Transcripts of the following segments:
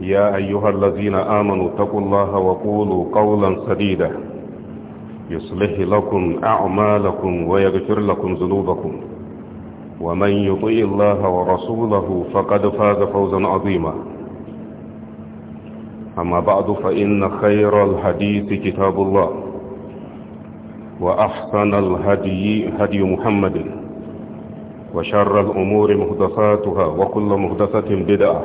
يا أيها الذين آمنوا اتقوا الله وقولوا قولا سديدا يصلح لكم أعمالكم ويغفر لكم ذنوبكم ومن يطيع الله ورسوله فقد فاز فوزا عظيما أما بعد فإن خير الحديث كتاب الله وأحسن الهدي هدي محمد وشر الأمور مهدفاتها وكل مهدفة بدعة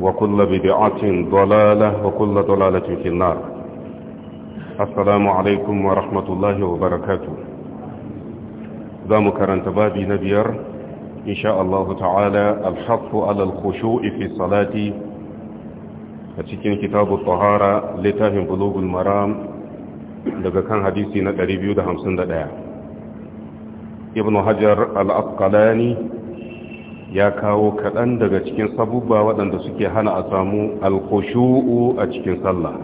وكل بدعة ضلالة وكل ضلالة في النار السلام عليكم ورحمة الله وبركاته ذا كرنت بابي نبير إن شاء الله تعالى الحق على الخشوع في الصلاة أتكين كتاب الطهارة لتهم بلوغ المرام لذا كان حديثنا قريب يدهم سند ابن حجر الأقلاني ya kawo kaɗan daga cikin sabubba waɗanda suke hana a samu alkushu'u a cikin sallah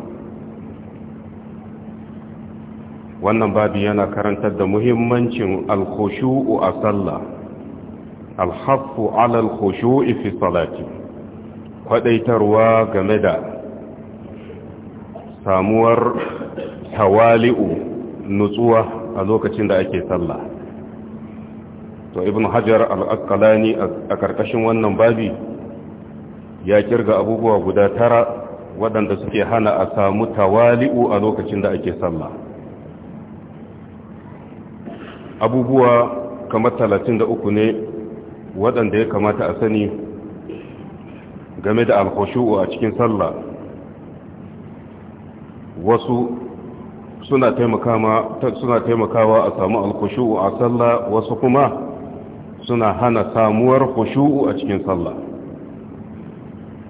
wannan babu yana karantar da muhimmancin alkushu'u a sallah alhaffu ala alkushu'i fi salati kwaɗaitarwa game da samuwar tawali'u nutsuwa a lokacin da ake sallah to ibn hajar al a karkashin wannan babi ya kirga abubuwa guda tara waɗanda suke hana a samu tawali'u a lokacin da ake sallah abubuwa kamar talatin da uku ne waɗanda ya kamata a sani game da alkhushu'u a cikin sallah wasu suna taimakawa a samu alkhushu'u a sallah wasu kuma suna hana samuwar khushu'u a cikin sallah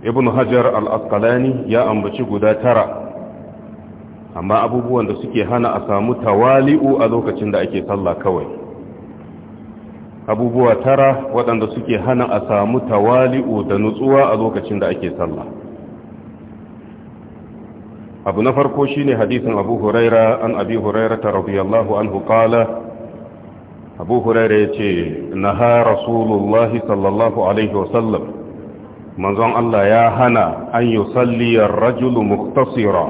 ibn hajar al-asqalani ya ambaci guda tara amma abubuwan da suke hana a samu tawali'u a lokacin da ake sallah kawai abubuwa tara waɗanda suke hana a samu tawali'u da nutsuwa a lokacin da ake sallah abu na farko shine hadisin abu huraira an abi huraira radiyallahu anhu qala abu huraira ya ce na ha rasulullahi sallallahu alaihi wasallam manzon Allah ya hana an yi salliyar rajulu muktasira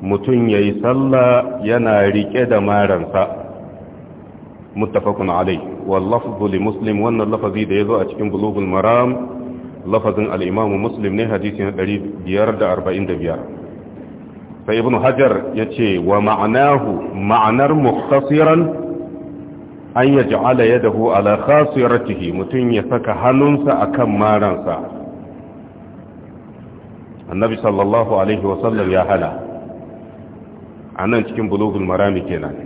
mutum ya yi sallah yana rike da maransa muttafaqun alai wallafzu muslim wannan lafazi da ya zo a cikin bulugul maram lafazin al muslim ne hadisi na 545 sai ibnu hajar ce wa ma'anahu ma'anar muktasiran an ya ja'ala ya dahu ala khasiratihi mutum ya saka hannunsa akan maransa annabi sallallahu alaihi wasallam ya hana a nan cikin bulugul marami kenan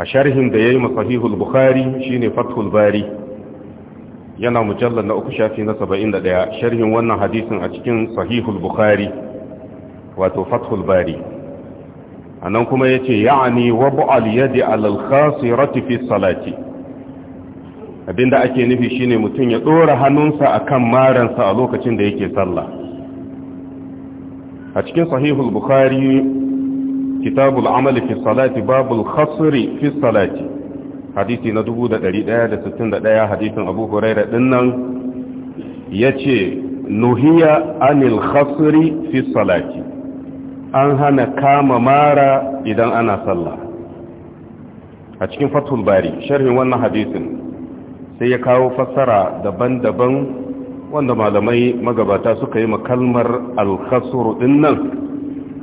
a sharhin da ya yi masahihul bukhari shine fathul bari yana mujallar na uku shafi na saba'in da daya sharhin wannan hadisin a cikin sahihul bukhari wato fathul bari anan kuma yace ya'ani wabu al-yadi al-khasirati fi salati abinda ake nufi shine mutum ya dora hannunsa akan maransa a lokacin da yake sallah a cikin sahihul bukhari kitabul amali fi salati babul khasri fi salati hadisi na 1161 hadisin abu huraira dinnan yace nuhiya anil khasri fi salati an hana kama mara idan ana sallah a cikin fatul bari sharhin wannan hadisin sai ya kawo fassara daban-daban wanda malamai magabata suka yi makalmar alkhasuru din nan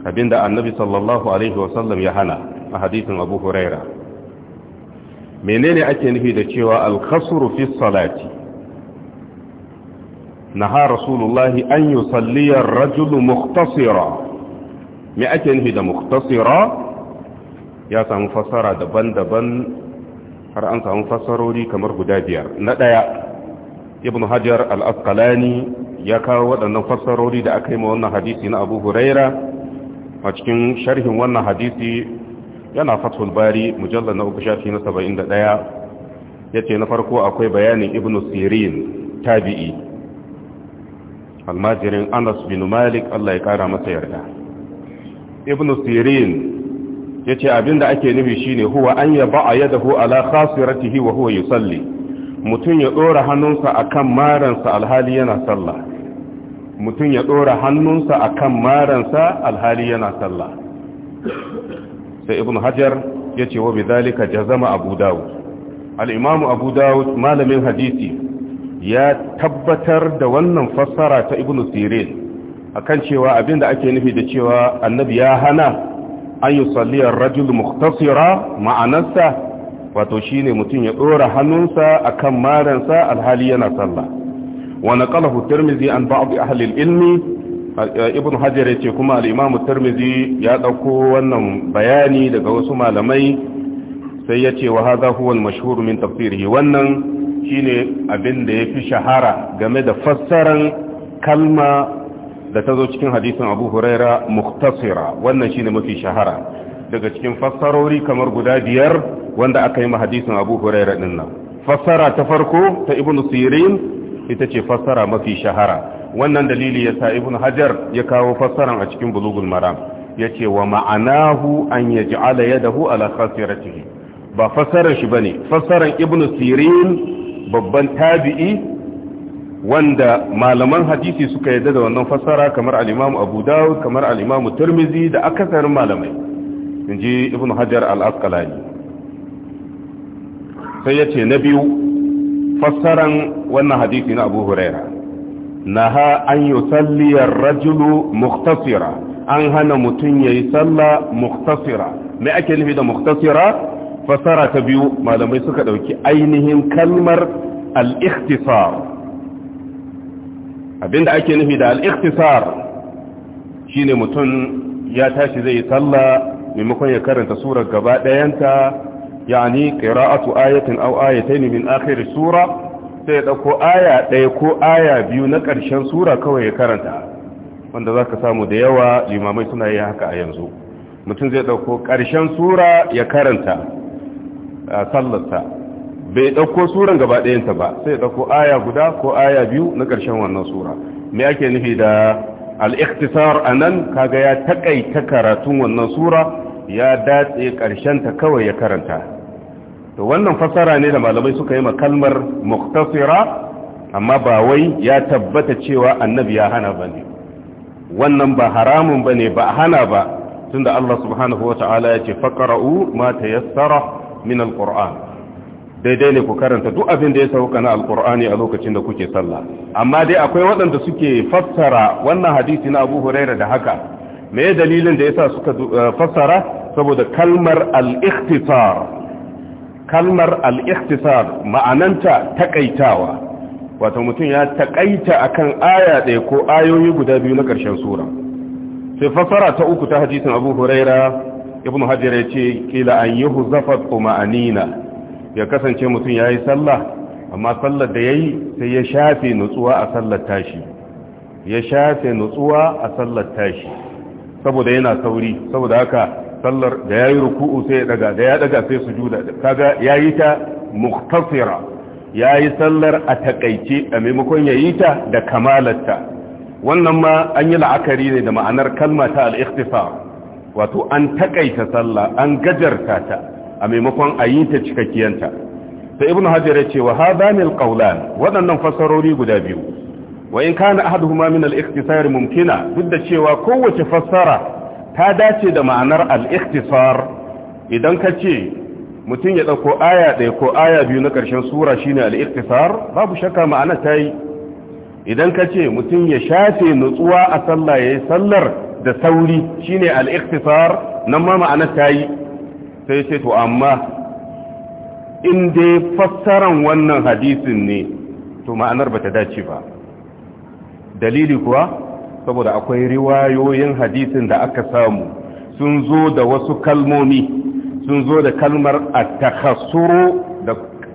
abinda annabi sallallahu alaihi wasallam ya hana a hadisin abu huraira menene ake nufi da cewa alkhasuru fi salati naha rasulullahi an salliyar rajulu mukhtasira me ake nufi da muktasira ya samu fassara daban-daban har an samu fassarori kamar guda biyar na ɗaya ibn hajar al-asqalani ya kawo waɗannan fassarori da aka yi ma wannan hadisi na abu huraira a cikin sharhin wannan hadisi yana fathul bari mujallar na uku shafi na saba'in da ɗaya ya ce na farko akwai bayanin ibn sirin tabi'i almajirin anas bin malik allah ya ƙara masa yarda ibn sirin ya ce abinda ake nufi shine huwa an ya ba a yadahu ala khasiratihi wa huwa yusalli mutum ya dora hannunsa akan maransa alhali yana sallah mutum ya dora hannunsa akan maransa alhali yana sallah sai ibn hajar ya ce wa bidhalika jazama abu dawud al-imam abu dawud malamin hadisi ya tabbatar da wannan fassara ta ibn sirin akan cewa abin da ake nufi da cewa annabi ya hana an yi salliyar rajul muktasira ma'anarsa wato shine mutum ya ɗora hannunsa akan maransa alhali yana sallah wani kala tirmizi an ba'adu ahalil ilmi ibn hajar ya ce kuma al'imamu tirmizi ya ɗauko wannan bayani daga wasu malamai sai ya ce wa haza huwa mashhur min tafsirihi wannan shine abin da ya fi shahara game da fassaran kalma da ta zo cikin hadisin abu huraira muktasira wannan shine mafi shahara daga cikin fassarori kamar guda biyar wanda aka yi ma hadisin abu huraira din nan fassara ta farko ta ibnu sirin ita ce fassara mafi shahara wannan dalili ya sa ibnu hajar ya kawo fassaran a cikin bulugul maram ya ce wa ma'anahu an ya ji'ala yadahu ala khasiratihi ba fassarar shi bane fassaran ibnu sirin babban tabi'i wanda malaman hadisi suka yadda da wannan fassara kamar al-Imam Abu Dawud kamar al-Imam Tirmidhi da akasarin malamai inji Ibn Hajar al-Asqalani sai yace na biyu fassaran wannan hadisi na Abu Huraira naha an yusalli ar-rajulu mukhtasira an hana mutun yayi sallah mukhtasira me ake nufi da mukhtasira fassara ta biyu malamai suka dauki ainihin kalmar al-ikhtisar abinda ake nufi da al shi shine mutum ya tashi zai yi sallah maimakon ya karanta surar gaba dayanta yani qira'atu ayatin aw ayatayn min akhiri sura sai ya ɗauko aya ɗaya ko aya biyu na ƙarshen sura kawai ya karanta wanda za ka samu da yawa limamai suna yi haka a yanzu mutum zai ɗauko ƙarshen sura ya karanta a sallarsa bai ɗauko suran gaba ɗayanta ba sai ɗauko aya guda ko aya biyu na ƙarshen wannan sura me ake nufi da al a nan kaga ya takaita karatun wannan sura ya datse ta kawai ya karanta to wannan fasara ne da malamai suka yi ma kalmar muktasira amma ba wai ya tabbata cewa annabi ya hana ne? wannan ba haramun bane ba hana ba tunda Allah subhanahu ta'ala ya ce faqra'u ma tayassara min al-qur'an daidai ne ku karanta duk abin da ya sauka na alkur'ani a lokacin da kuke sallah amma dai akwai waɗanda suke fassara wannan hadisi na abu huraira da haka me dalilin da yasa suka eh, fassara saboda kalmar al-ikhtisar kalmar al-ikhtisar ma'ananta takaitawa wato mutum ya takaita akan aya ɗaya ko ayoyi guda biyu na ƙarshen sura sai fassara ta uku ta hadisin abu huraira ibnu hajar ya ce kila an yuhzafa tuma'anina ya kasance mutum ya yi sallah amma sallar da ya yi sai ya shafe nutsuwa a sallar tashi ya shafe nutsuwa a sallar tashi saboda yana sauri saboda haka sallar da ya yi ruku'u sai ya daga da ya daga sai sujuda kaga ya yi ta muktasira ya yi sallar a takaice a maimakon ya yi ta da kamalarta wannan ma an yi la'akari ne da ma'anar kalma ta al wato an takaita sallah an gajarta ta a maimakon a yi ta cikakkiyanta sai ibn hajar ya ce wa hadanil qawlan waɗannan fasarori guda biyu wa in kana ahaduhuma min al-ikhtisar mumkina duk da cewa kowace fassara ta dace da ma'anar al-ikhtisar idan ka ce mutum ya ɗauko aya ɗaya ko aya biyu na ƙarshen sura shine al babu shakka ma'ana ta yi idan ka ce mutum ya shafe nutsuwa a sallah ya yi sallar da sauri shine al-iqtisar nan ma ma'ana ta yi sai ce to amma in dai fassaran wannan hadisin ne to ma'anar ba ta dace ba dalili kuwa saboda akwai riwayoyin hadisin da aka samu sun zo da wasu kalmomi sun zo da kalmar at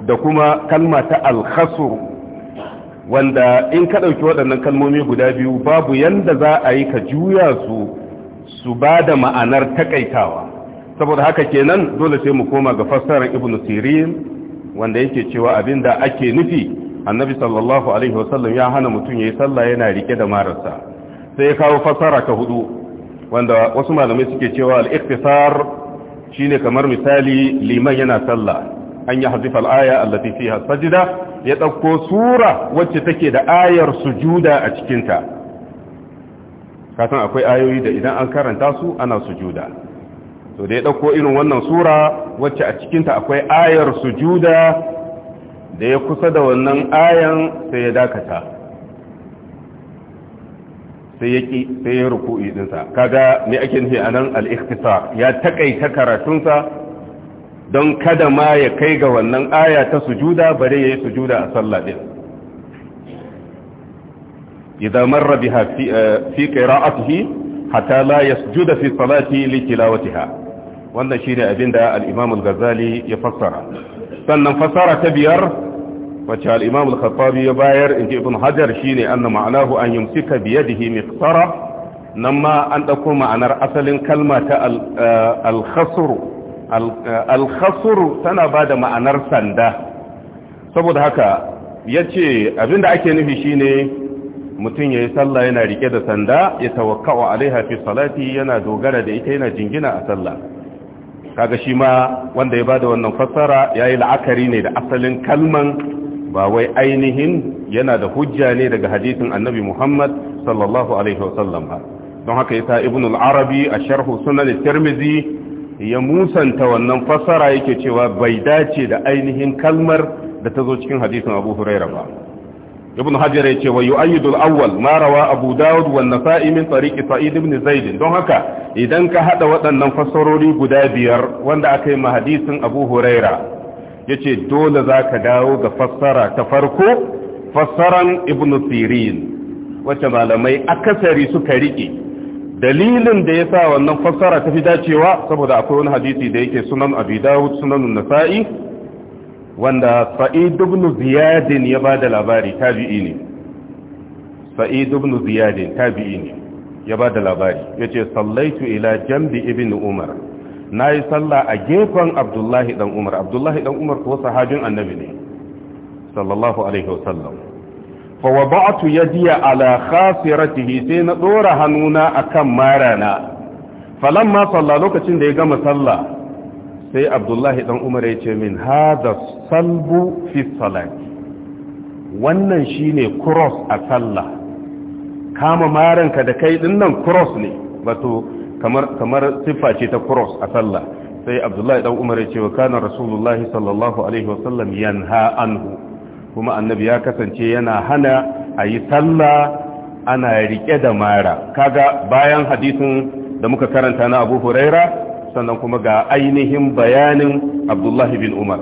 da kuma kalma ta alkhasuru wanda in ka ɗauki waɗannan kalmomi guda biyu babu yanda za a yi ka juya su su ba da ma'anar takaitawa saboda haka kenan dole sai mu koma ga fassarar ibn sirin wanda yake cewa abinda ake nufi annabi sallallahu alaihi wasallam ya hana mutum yi sallah yana rike da mararsa sai ya kawo fassara ta hudu wanda wasu malamai suke cewa al-ikhtisar shine kamar misali liman yana sallah an ya hazifa al-aya allati fiha sajda ya dauko sura wacce take da ayar sujuda a cikin ta kasan akwai ayoyi da idan an karanta su ana sujuda to da ya ɗauko irin wannan sura wacce a cikinta akwai ayar sujuda da ya kusa da wannan ayan sai ya dakata sai ya ƙi sai ya ruku'i ɗinsa kaga ne ake nufi a nan al'iktisa ya taƙaita karatunsa don kada ma ya kai ga wannan aya ta sujuda bare ya yi sujuda a sallah ɗin idan marra biha fi eh, qira'atihi hatta la sujuda fi salati li tilawatiha wannan shine abin da al al ya fassara sannan fassara ta biyar wacce al-Imam al-Khattabi ya bayar inji Ibn Hajar shine anna ma'anahu an yumsika bi yadihi miqtara nan ma an dauko ma'anar asalin kalma ta al-khasr eh, al-khasr eh, tana bada ma'anar sanda saboda haka ce abin da ake nufi shine mutum ya yi sallah yana rike da sanda ya tawakkawa alaiha fi salati yana dogara da ita yana jingina a sallah kaga shi ma wanda ya bada wannan fassara yayi la'akari ne da asalin kalman ba wai ainihin yana da hujja ne daga hadisin annabi Muhammad sallallahu alaihi wasallam ba don haka yasa ibn al-arabi a sharhu sunan tirmidhi ya musanta wannan fassara yake cewa bai dace da ainihin kalmar da ta zo cikin hadisin abu huraira ba ibn hajar ya ce wa yu'ayyidul awwal marawa rawa abu dawud wa nasa'i min tariqi sa'id ibn zaid don haka idan ka haɗa waɗannan fassarori guda biyar wanda aka yi ma hadisin abu huraira yace dole za ka dawo ga fassara ta farko fassaran ibn sirin wacce malamai akasari suka rike dalilin da yasa wannan fassara ta fi dacewa saboda akwai wani hadisi da yake sunan abi dawud sunan nisa'i. wanda sa'id ibn ziyad ya ba da labari tabi'i ne sa'id ibn ziyad tabi'i ne ya ba da labari yace sallaitu ila jambi ibn umar nayi sallah a gefen abdullahi dan umar abdullahi dan umar ko sahabin annabi ne sallallahu alaihi wasallam fa wada'tu yadi ala khasiratihi sai na dora hannuna akan marana falamma salla lokacin da ya gama sallah sai abdullahi dan umar ya ce min da salbu fi salati wannan shine cross a sallah kama maranka da kai din nan cross ne wato kamar kamar siffa ce ta cross a salla sai abdullahi dan umar ya ce wa kana rasulullahi sallallahu alaihi wasallam yanha anhu kuma annabi ya kasance yana hana ayi sallah ana rike da mara kaga bayan hadisin da muka karanta na Abu Huraira sannan kuma ga ainihin bayanin abdullahi bin umar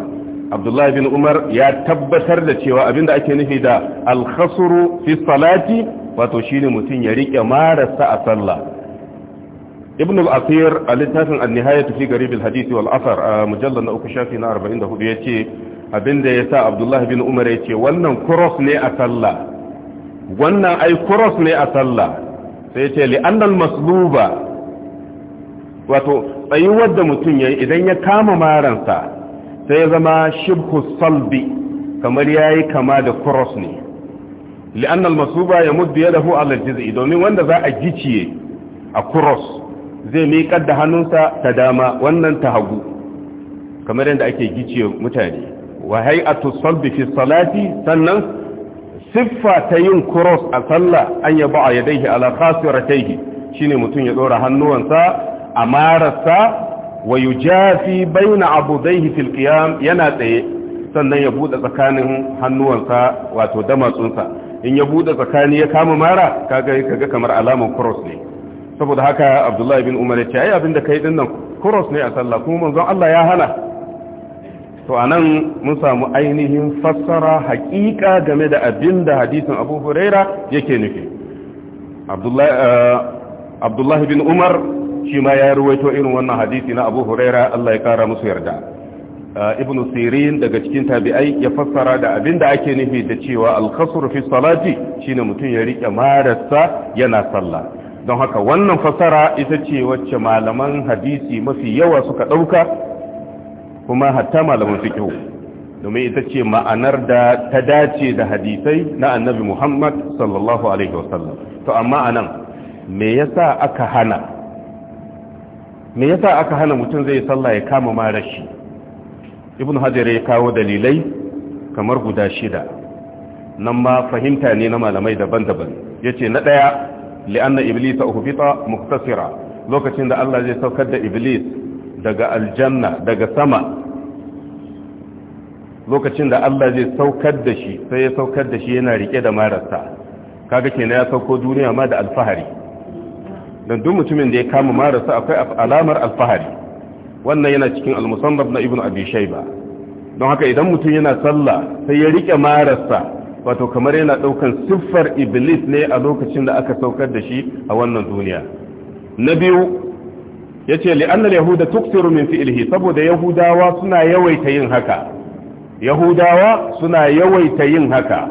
abdullahi bin umar ya tabbatar da cewa abinda ake nufi da alkhasuru fi salati wato shine mutum ya rike marasa a sallah ibn al-asir a littafin an-nihayatu fi garib hadisi hadith wal athar a mujallal na uku shafi na 44 ce abinda yasa abdullahi bin umar yace wannan cross ne a sallah wannan ai cross ne a sallah sai ya ce annal masluba wato tsayuwar da mutum ya yi idan ya kama maransa sai ya zama shibhu salbi kamar ya yi kama da cross ne li'annal masuba ya muddu ya dafu ala jiz'i domin wanda za a giciye a cross zai miƙar da hannunsa ta dama wannan ta hagu kamar yadda ake giciye mutane wa hay'atu salbi fi salati sannan siffa ta yin cross a sallah an yaba yadaihi ala khasiratayhi shine mutum ya dora hannuwansa amararsa wa yujafi baina abu fil hitilkiya yana tsaye sannan ya bude tsakanin hannuwansa wato damatsunsa in ya bude tsakani ya kama mara kaga kaga kamar alamun cross ne saboda haka Abdullahi bin Umar ya ce ai abinda kai din nan cross ne a sallah kuma manzon Allah ya hana to anan mun samu ainihin fassara hakika game da abinda hadisin Abu Huraira yake nufi Abdullahi eh, bin Umar shi ma ya ruwaito irin wannan hadisi na abu huraira Allah ya kara musu yarda uh, ibnu sirin daga cikin tabi'ai ya fassara da abin da ake nufi da cewa al fi salati shine mutum ya rike marasa yana sallah don haka wannan fassara ita ce wacce malaman hadisi mafi yawa suka dauka kuma hatta malaman fiqh domin ita ce ma'anar da ta dace da hadisai na annabi Muhammad sallallahu alaihi wasallam to amma anan me yasa aka hana me yasa aka hana mutum zai sallah ya kama mara shi ibn hajar ya kawo dalilai kamar guda shida nan ma fahimta ne na malamai daban-daban yace na daya li'anna iblisa uhbita muktasira lokacin da Allah zai saukar da iblis daga aljanna daga sama lokacin da Allah zai saukar da shi sai ya saukar da shi yana rike da marasa kaga kenan ya sauko duniya ma da alfahari don duk mutumin da ya kama marasa akwai alamar alfahari wannan yana cikin al na ibnu abi shaiba don haka idan mutum yana sallah sai ya rike marasa wato kamar yana daukan siffar iblis ne a lokacin da aka saukar da shi a wannan duniya na biyu ya ce al-yahuda tuksiru min fi'lihi saboda yahudawa suna yawaita yin haka yahudawa suna yawaita yin haka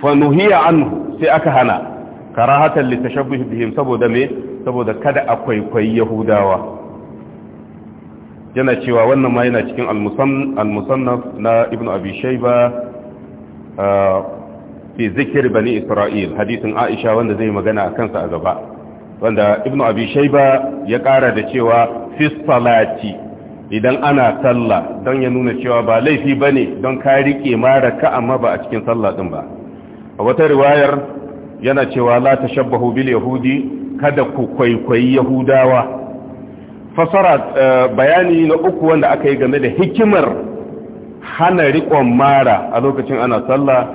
fa nuhiya anhu sai aka hana karahatan litashabbuh bihim saboda me saboda kada akwai kwai yahudawa yana cewa wannan ma yana cikin al-musannaf na ibnu abi shayba ah, fi zikr bani isra'il hadisin aisha wanda zai magana a kansa a gaba wanda ibnu abi shayba ya kara da cewa fi salati idan ana sallah don ya nuna cewa ba laifi bane don ka rike ma ka amma ba a cikin sallah din ba a wata riwayar yana cewa la tashabbahu bil yahudi kada ku kwaikwayi yahudawa fasara eh, bayani na uku wanda aka yi game da hikimar hana riƙon mara a lokacin ana sallah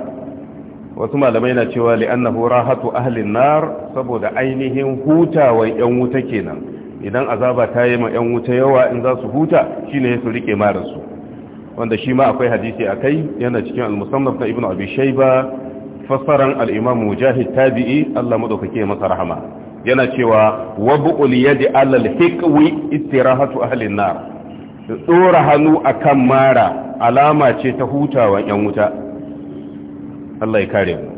wasu malamai na cewa li'annahu rahatu ahlin nar saboda ainihin hutawar yan wuta kenan idan azaba ta yi ma yan wuta yawa in za su huta shine su rike su wanda shi ma akwai hadisi a kai, yana cikin al-musannaf na ibnu abi shayba fassaran al-imam mujahid tabi'i Allah madaukake masa rahama yana cewa wabu'ul yadi alal hikwi istirahatu ahlin na. dora hannu kan mara alama ce ta hutawa yan wuta Allah ya kare mu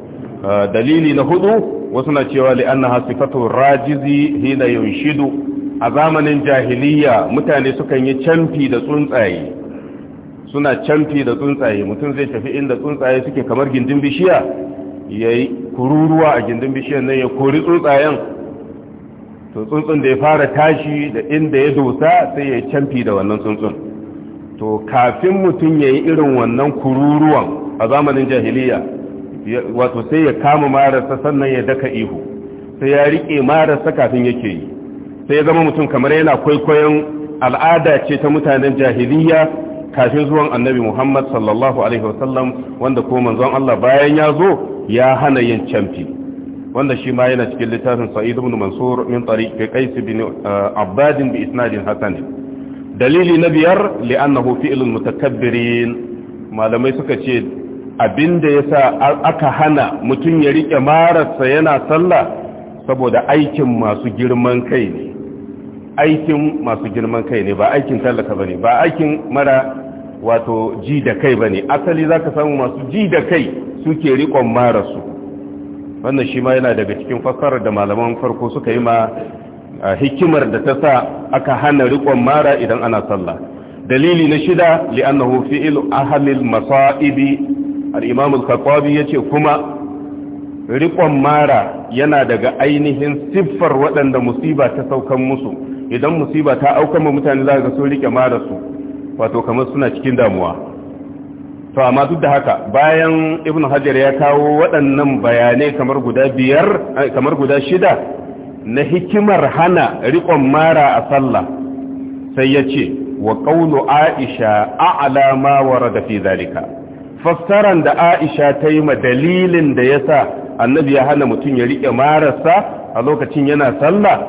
ah, dalili na hudu wasu na cewa li'annaha sifatu rajizi hina shidu. a zamanin jahiliya mutane sukan yi canfi da tsuntsaye suna canfi da tsuntsaye mutum zai tafi inda tsuntsaye suke kamar gindin bishiya ya yi kururuwa a gindin bishiyar nan ya kori tsuntsayen to tsuntsun da ya fara tashi da inda ya dosa sai ya camfi da wannan tsuntsun to kafin mutum ya yi irin wannan kururuwan a zamanin jahiliya wato sai ya kama marasa sannan ya daka ihu sai ya riƙe marasa kafin yake yi sai ya zama mutum kamar yana kwaikwayon al'ada ce ta mutanen jahiliya kafin zuwan annabi muhammad sallallahu alaihi wasallam wanda ko manzon Allah bayan ya zo ya hana yin camfi wanda shi ma yana cikin littafin sa'id ibn mansur min tariq qais ibn uh, abbad bi isnadin hasan dalili na biyar li'annahu fi'lul mutakabbirin malamai suka ce abinda yasa aka hana mutum ya rike mararsa yana sallah saboda aikin masu girman kai ne aikin masu girman kai ne ba aikin tallaka bane ba aikin mara wato ji da kai ba ne asali za ka samu masu ji da kai suke rikon marasu wannan shi ma yana daga cikin fasarar da malaman farko suka yi ma hikimar da ta sa aka hana rikon mara idan ana sallah dalili na shida li'annahu fi'il ahlil masa'ibi al-imam al-khattabi kuma rikon mara yana daga ainihin siffar waɗanda musiba ta saukan musu idan musiba ta ma mutane za ga sun rike mara su wato kamar suna cikin damuwa to amma duk da haka bayan ibn hajar ya kawo waɗannan bayanai kamar guda biyar eh, kamar guda shida na hikimar hana riƙon mara a sallah sai ya ce wa ƙaunu aisha a'ala ma warada fi zalika fassaran da aisha ta yi ma dalilin da ya sa annabi ya hana mutum ya riƙe marasa a lokacin yana sallah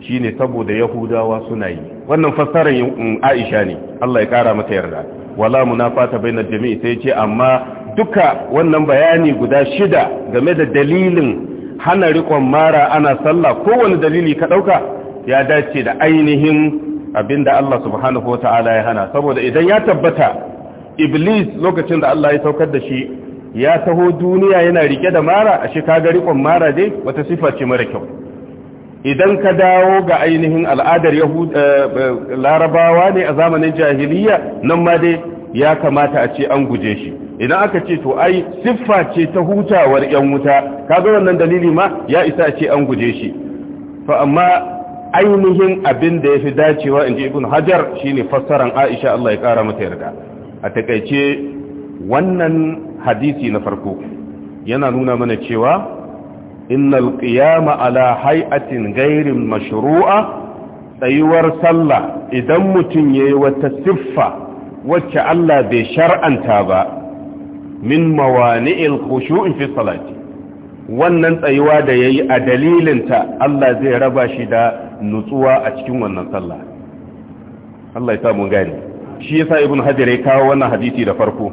shine saboda yahudawa suna yi wannan fassarar mm, Aisha ne Allah ya kara mata yarda wala munafata bainal jami'i sai ce amma duka wannan bayani guda shida game da dalilin hana riƙon mara ana sallah kowane dalili ka dauka ya dace da ainihin abinda Allah subhanahu wataala ya hana saboda idan ya tabbata iblis lokacin da Allah ya saukar da shi ya taho duniya yana rike da mara ashe kaga riƙon mara dai wata sifa ce mara kyau idan ka dawo ga ainihin al'adar eh, eh, larabawa ne a zamanin jahiliya nan ma dai ya kamata a ce an guje shi idan aka ce to ai siffa ce ta hutawar yan wuta Ka ga wannan dalili ma ya isa a ce an guje shi to amma ainihin abin da ya fi dacewa in ji ibn hajar shine fassaran aisha Allah ya kara mata yarda a takaice wannan hadisi na farko yana nuna mana cewa innal qiyama ala hay'atin gairin mashru'a tsayuwar sallah idan mutum yayi wata siffa wacce Allah bai shar'anta ba min mawani'il khushu'i fi salati wannan tsayuwa da yayi a dalilinta Allah zai raba shi da nutsuwa a cikin wannan sallah Allah ya samu gani shi yasa ibn hajar ya kawo wannan hadisi da farko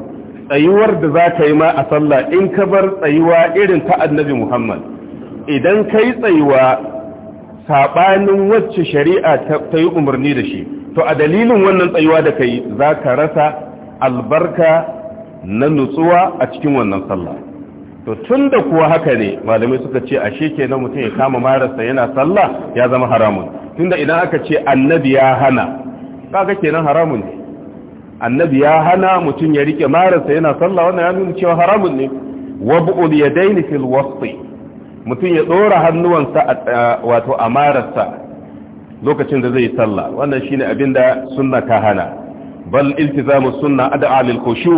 tsayuwar da za ka yi ma a sallah in ka bar tsayuwa irin ta annabi Muhammad idan kai tsayuwa saɓanin wacce shari'a ta yi umarni da shi to a dalilin wannan tsayuwa da kai za ka rasa albarka na nutsuwa a cikin wannan sallah to tun da kuwa haka ne malamai suka ce a sheke na mutum ya kama marasa yana sallah ya zama haramun Tun da idan aka ce annabi ya hana kaga kenan haramun ne annabi ya hana mutum ya rike marasa yana sallah wannan ya nuna cewa haramun ne wabu'ul yadaini fil wasti mutum ya tsora hannuwansa wato amararsa lokacin da zai sallah wannan shine abin da sunna ta hana bal iltizamu sunna ad'a lil khushu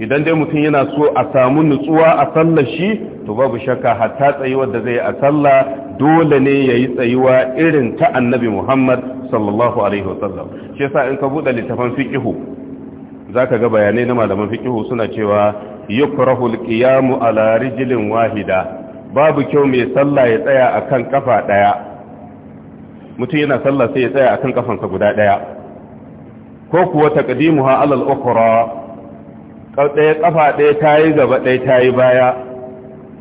idan dai mutum yana so a samu nutsuwa a sallar shi to babu shakka hatta tsayuwar da zai a sallah dole ne yayi tsayuwa irin ta annabi Muhammad sallallahu alaihi wasallam shi yasa in ka bude littafin fiqhu zaka ga bayanai na malaman fiqhu suna cewa yukrahu al-qiyamu ala rijlin wahida babu kyau mai sallah ya tsaya akan kafa ɗaya mutum yana sallah sai ya tsaya akan kafansa guda ɗaya ko kuwa ha alal ukhra ɗaya kafa ɗaya ta yi gaba ɗaya ta yi baya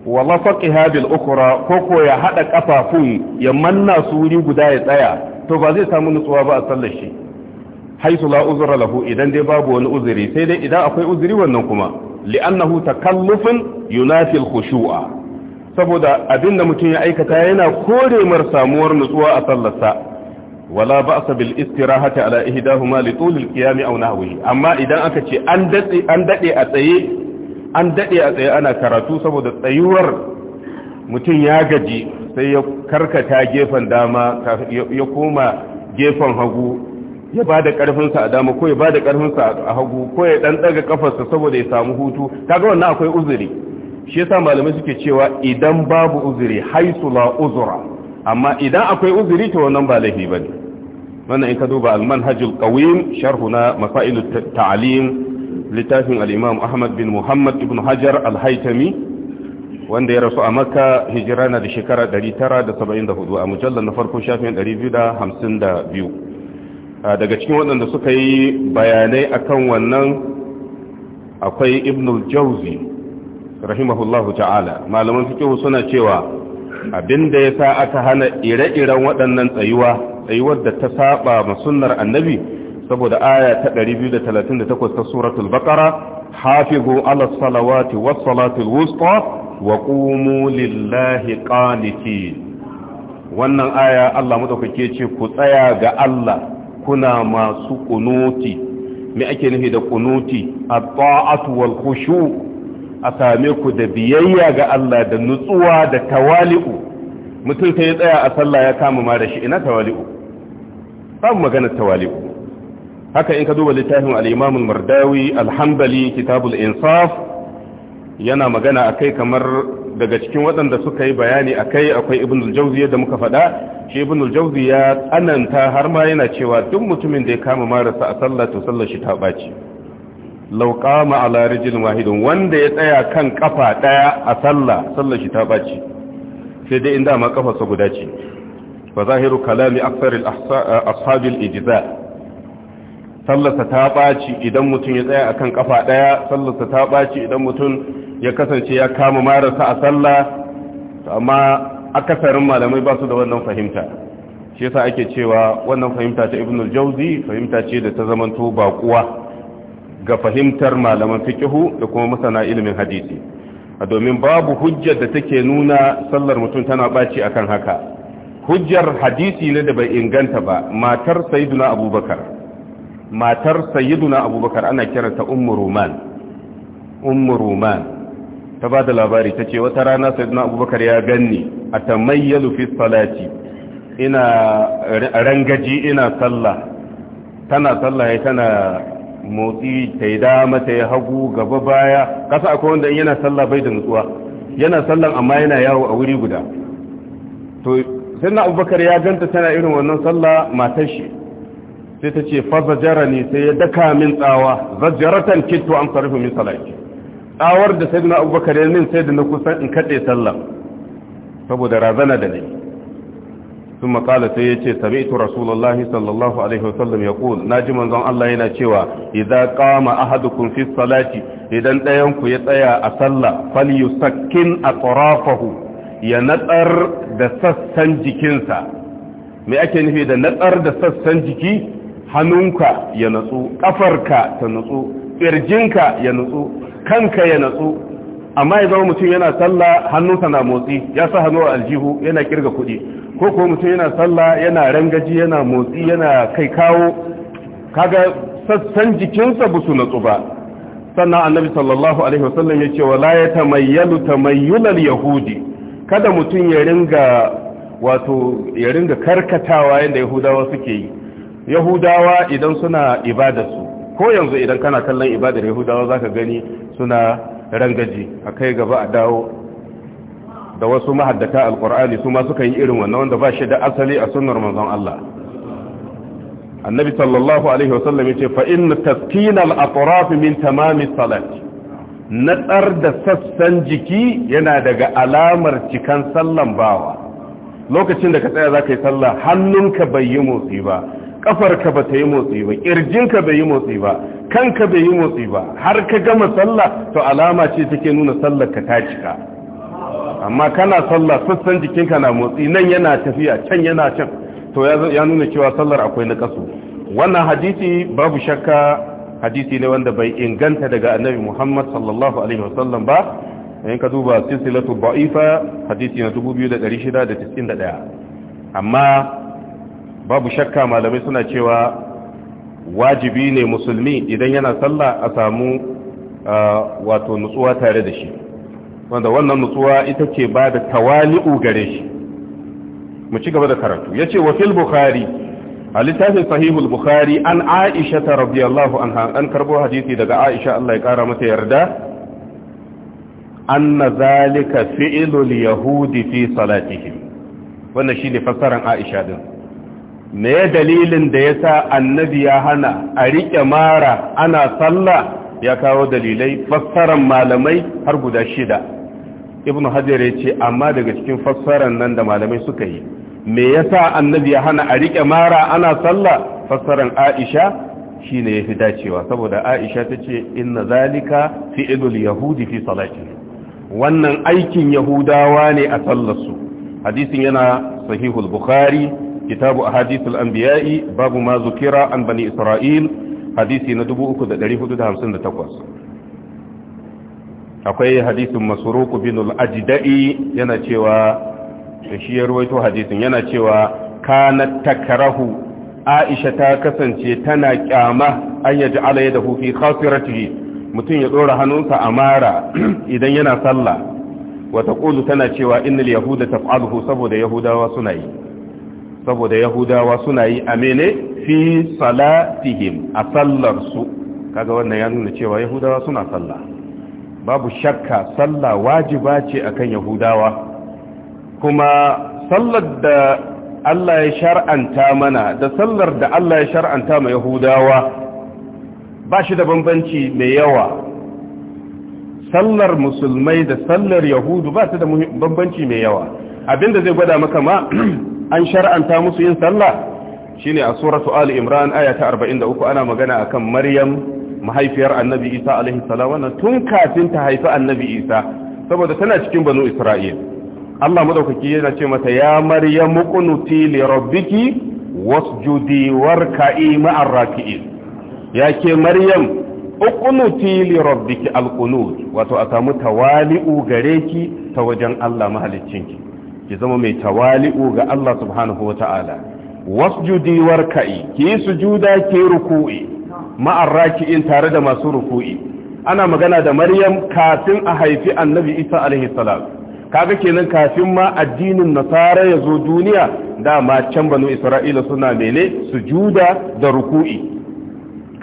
wala faqiha bil ukhra ko ko ya haɗa kafafun ya manna su wuri guda ya tsaya to ba zai samu nutsuwa ba a sallar shi haisu la uzura lahu idan dai babu wani uzuri sai dai idan akwai uzuri wannan kuma li'annahu takallufin yunafil al-khushu'a saboda abin da mutum ya aikata yana kore mar samuwar nutsuwa a sallarsa wala ba'sa bil istirahati ala ihdahuma li tulil qiyam aw nahwihi amma idan aka ce an dade an dade a tsaye an dade a tsaye ana karatu saboda tsayuwar mutum ya gaji sai ya karkata gefen dama ya koma gefen hagu ya ba da karfinsa a dama ko ya ba da karfinsa a hagu ko ya dan daga kafarsa saboda ya samu hutu kaga wannan akwai uzuri shi yasa malamai suke cewa idan babu uzuri haisu la uzura amma idan akwai uzuri to wannan ba laifi bane wannan in ka duba al-manhajul qawim sharhuna masailu ta'lim littafin al-imam Ahmad bin Muhammad ibn Hajar al-Haytami wanda ya rasu a Makka hijira na da shekara 974 a mujallar na farko shafin 252 daga cikin waɗanda suka yi bayanai akan wannan akwai ibnul jauzi. jawzi rahimahullahu ta'ala malaman fikihu suna cewa abinda ya sa aka hana ire-iren waɗannan tsayuwa tsayuwar da ta saba ma sunnar annabi saboda aya ta 238 ta suratul baqara hafizu ala salawati was salatul wusta wa qumu lillahi qanitin wannan aya Allah madaukake ce ku tsaya ga Allah kuna masu kunuti me ake nufi da kunuti at-ta'atu wal khushu' a same ku da biyayya ga Allah da nutsuwa da tawali'u mutum sai ya tsaya a sallah ya kama ma da shi ina tawali'u babu maganar tawali'u haka in ka duba littafin al-Imam al-Mardawi al-Hanbali Kitabul Insaf yana magana akai kamar daga cikin waɗanda suka yi bayani akai akwai Ibn al-Jawzi da muka faɗa shi Ibn al ya tsananta har ma yana cewa duk mutumin da ya kama marasa a sallah to sallar shi ta ɓaci lauƙama a larijin wahidin wanda ya tsaya kan kafa ɗaya a sallah sallah shi ta ɓaci sai dai inda ma kafarsa guda ce fa zahiru kalami aksarin ashabil ijiza sallarsa ta ɓaci idan mutum ya tsaya akan kafa ɗaya sallarsa ta ɓaci idan mutum ya kasance ya kama marasa a sallah amma akasarin malamai ba su da wannan fahimta shi yasa ake cewa wannan fahimta ta ibnul jauzi fahimta ce da ta zamanto baƙuwa ga fahimtar malaman fikihu da kuma masana ilimin hadisi domin babu hujjar da take nuna sallar mutum tana ɓaci akan haka hujjar hadisi ne da bai inganta ba matar sayyiduna abubakar matar sayyiduna abubakar ana kiranta ummu ruman ummu ruman ta ba da labari ta ce wata rana sayyiduna abubakar ya ganni a tamayyalu fi salati ina rangaji ina sallah tana sallah tana motsi ta yi dama ta yi hagu gaba baya kasa akwai wanda yana sallah bai da nutsuwa yana sallan amma yana yawo a wuri guda to sai na abubakar ya ganta tana irin wannan sallah matar shi sai ta ce fa zajara ne sai ya daka min tsawa zajaratan kitto an sarrafa min salati tsawar da sai na abubakar ya min sai da na kusa in kaɗe sallah saboda razana da ni sun makala sai ya ce sami ito rasulullahi sallallahu alaihi wasallam ya ƙun na ji manzon Allah yana cewa idan kama a hadukun fi salati idan ɗayanku ya tsaya a sallah faliyu sakkin a ƙorafahu ya natsar da sassan jikinsa mai ake nufi da natsar da sassan jiki hannunka ya natsu ƙafarka ta natsu ƙirjinka ya natsu kanka ya natsu amma ya zama mutum yana sallah hannunsa na motsi ya sa hannu a aljihu yana kirga kuɗi ko kuma mutum yana sallah yana rangaji yana motsi yana kai kawo kaga sassan jikinsa ba su natsu ba sannan annabi sallallahu alaihi wasallam ya ce wa la yatamayyalu tamayyulal yahudi kada mutum ya ringa wato ya ringa karkatawa yadda yahudawa suke yi yahudawa idan suna ibadarsu ko yanzu idan kana kallon ibadar yahudawa zaka gani suna rangaji a kai gaba a dawo da wasu mahaddata alkur'ani su ma suka yi irin wannan wanda ba shi da asali a sunnar manzon Allah annabi sallallahu alaihi wasallam yace fa inna taskin al-atraf min tamam as-salat natsar da sassan jiki yana daga alamar cikan sallan bawa lokacin da ka tsaya zaka yi sallah hannunka bai yi motsi ba kafarka ba ta yi motsi ba ƙirjinka bai yi motsi ba kanka bai yi motsi ba har ka gama sallah to alama ce take nuna sallar ka ta cika amma kana sallah sassan jikinka na motsi nan yana tafiya can yana can to ya nuna cewa sallar akwai na ƙasu. wannan hadisi babu shakka hadisi ne wanda bai inganta daga annabi Muhammad sallallahu alaihi wasallam ba in ka duba silsilatu ba'ifa hadisi na 2691 amma babu shakka malamai suna cewa wajibi ne musulmi idan yana sallah a samu wato nutsuwa tare da shi wanda wannan nutsuwa ita ce ba da tawali'u gare shi mu ci gaba da karatu ya ce wafil bukhari a littafin sahihul bukhari an aisha ta rabiyallahu an an karbo hadisi daga aisha Allah ya kara mata yarda anna zalika fi'lul yahudi fi salatihim wannan shine fassaran aisha din me dalilin da ya sa annabi ya hana a riƙe mara ana sallah ya kawo dalilai fassaran malamai har guda shida ibn hajar ya ce amma daga cikin fassaran nan da malamai suka yi me ya sa annabi ya hana a riƙe mara ana sallah fassaran aisha shi ne ya fi dacewa saboda aisha ta ce inna zalika fi idul yahudi fi salati wannan aikin yahudawa ne a sallarsu hadisin yana sahihul bukhari kitabu ahadithul anbiya'i babu ma zukira an bani isra'il hadisi na 3458 akwai hadisin masruq bin al-ajda'i yana cewa shi ya yana cewa kanat takrahu aisha ta kasance tana kyama an yaj'ala yadahu fi khasiratihi mutum ya dora hannunsa a mara idan yana sallah wata tana cewa innal yahuda taf'aluhu saboda yahudawa suna yi saboda yahudawa suna yi a mene fi salatihim a sallarsu kaga wannan ya nuna cewa yahudawa suna salla. babu shakka sallah wajiba ce akan yahudawa kuma sallar da Allah ya shar'anta mana da sallar da Allah ya shar'anta ma yahudawa ba shi da bambanci mai yawa sallar musulmai da sallar yahudu ba ta da bambanci mai yawa abinda zai gwada maka ma an shar'anta musu yin sallah shine a suratu ali imran aya ta 43 ana magana akan maryam mahaifiyar annabi isa alaihi salam wannan tun kafin ta haifi annabi isa saboda tana cikin banu isra'il Allah madaukaki yana ce mata ya maryamu qunuti li rabbiki wasjudi warka'i ma'ar raki'in ya ke maryam uqnuti li rabbiki alqunut wato a samu tawali'u gareki ta wajen Allah mahaliccinki ki zama mai tawali'u ga Allah subhanahu wa ta'ala wasjudi warka'i ki sujuda ke ruku'i ma'arraki'in tare da masu ruku'i ana magana da maryam kafin a haifi annabi isa alaihi salam kaga kenan kafin ma addinin nasara ya zo duniya dama can banu isra'ila suna mene sujuda da ruku'i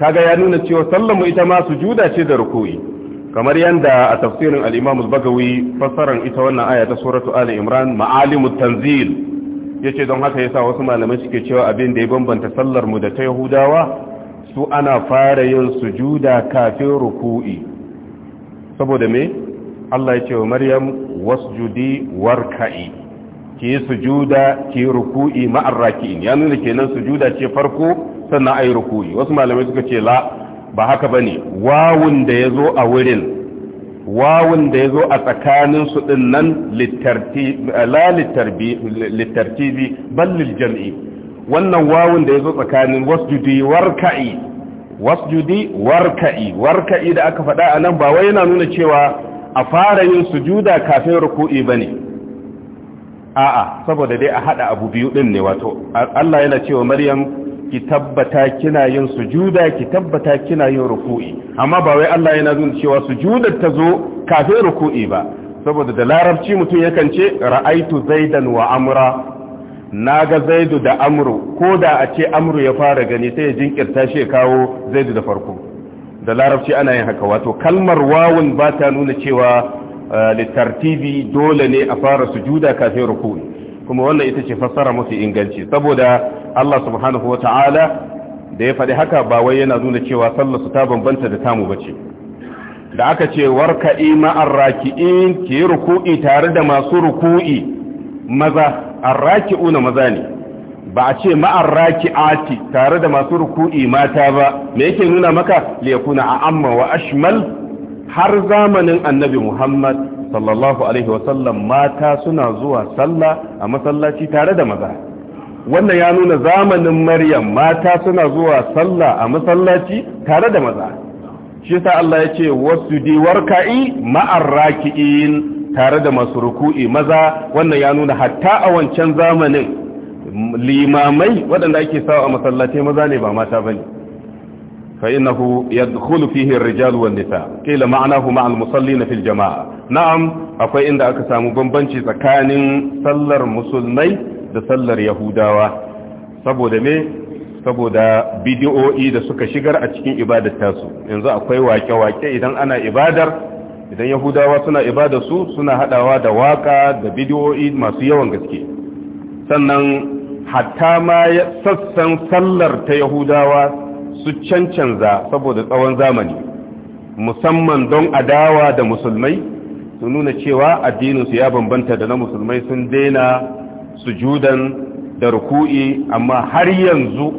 kaga ya nuna cewa sallama ita ma sujuda ce da ruku'i kamar yadda a tafsirin al-Imam al-Bagawi fassaran ita wannan aya ta suratu Ali Imran ma'alimut tanzil yace don haka yasa wasu malamai suke cewa abin da ya bambanta sallar mu da ta Yahudawa su ana fara yin sujuda kafin ruku'i saboda me Allah ya ce wa Maryam wasjudi warka'i ki sujuda ki ruku'i ma'arraki'in ya nuna kenan sujuda ce farko sannan yi ruku'i wasu malamai suka ce la ba haka ne, wawun da zo a wurin wawun da zo a tsakanin su din nan littartibi la littarbi wannan wawun da yazo tsakanin wasjudi warka'i wasjudi warka'i warka'i da aka faɗa a nan ba wai yana nuna cewa a fara yin sujuda kafin ruku'i bane a'a saboda dai a haɗa abu biyu ɗin ne wato Allah yana cewa Maryam ki tabbata kina yin sujuda ki tabbata kina yin ruku'i amma ba wai Allah yana nuna cewa sujudar ta zo kafin ruku'i ba saboda da larabci mutum yakan ce ra'aitu zaidan wa amra naga zaidu da amru ko da a ce amru ya fara gani sai ya jinkirta shi ya kawo zaidu da farko da larabci ana yin haka wato kalmar wawun ba ta nuna cewa eh, litartibi dole ne a fara sujuda kafin ruku'i kuma wannan ita ce fassara mafi inganci saboda Allah subhanahu wa ta'ala da ya faɗi haka ba wai yana nuna cewa sallar su ta bambanta da tamu bace da aka ce warka'i ma'ar raki'in ki ruku'i tare da masu ruku'i maza arraki'una maza ne ba a ce ma'ar tare da masu ruku'i mata ba me yake nuna maka liyakuna a amma wa ashmal har zamanin annabi Muhammad sallallahu alaihi wasallam mata suna zuwa sallah a masallaci tare da maza wannan ya nuna zamanin maryam mata suna zuwa sallah a masallaci tare da maza shi sa Allah ya ce wasu diwarka'i ma'ar raki'in tare da masu ruku'i maza wannan ya nuna hatta a wancan zamanin limamai waɗanda ake sawa a masallaci maza ne ba mata bane فإنه يدخل فيه الرجال والنساء قيل معناه مع المصلين في الجماعة نعم أقوى إن دعك da sallar Yahudawa saboda me saboda bidiyo'i da suka shigar a cikin ibadata tasu yanzu akwai wake-wake idan ana ibadar idan Yahudawa suna ibada su suna hadawa da waƙa da bidiyo'i masu yawan gaske sannan hatta ma sassan sallar ta Yahudawa su cancanza saboda tsawon zamani musamman don adawa da musulmai su nuna cewa addininsu ya bambanta da na musulmai sun daina sujudan da ruku'i amma har yanzu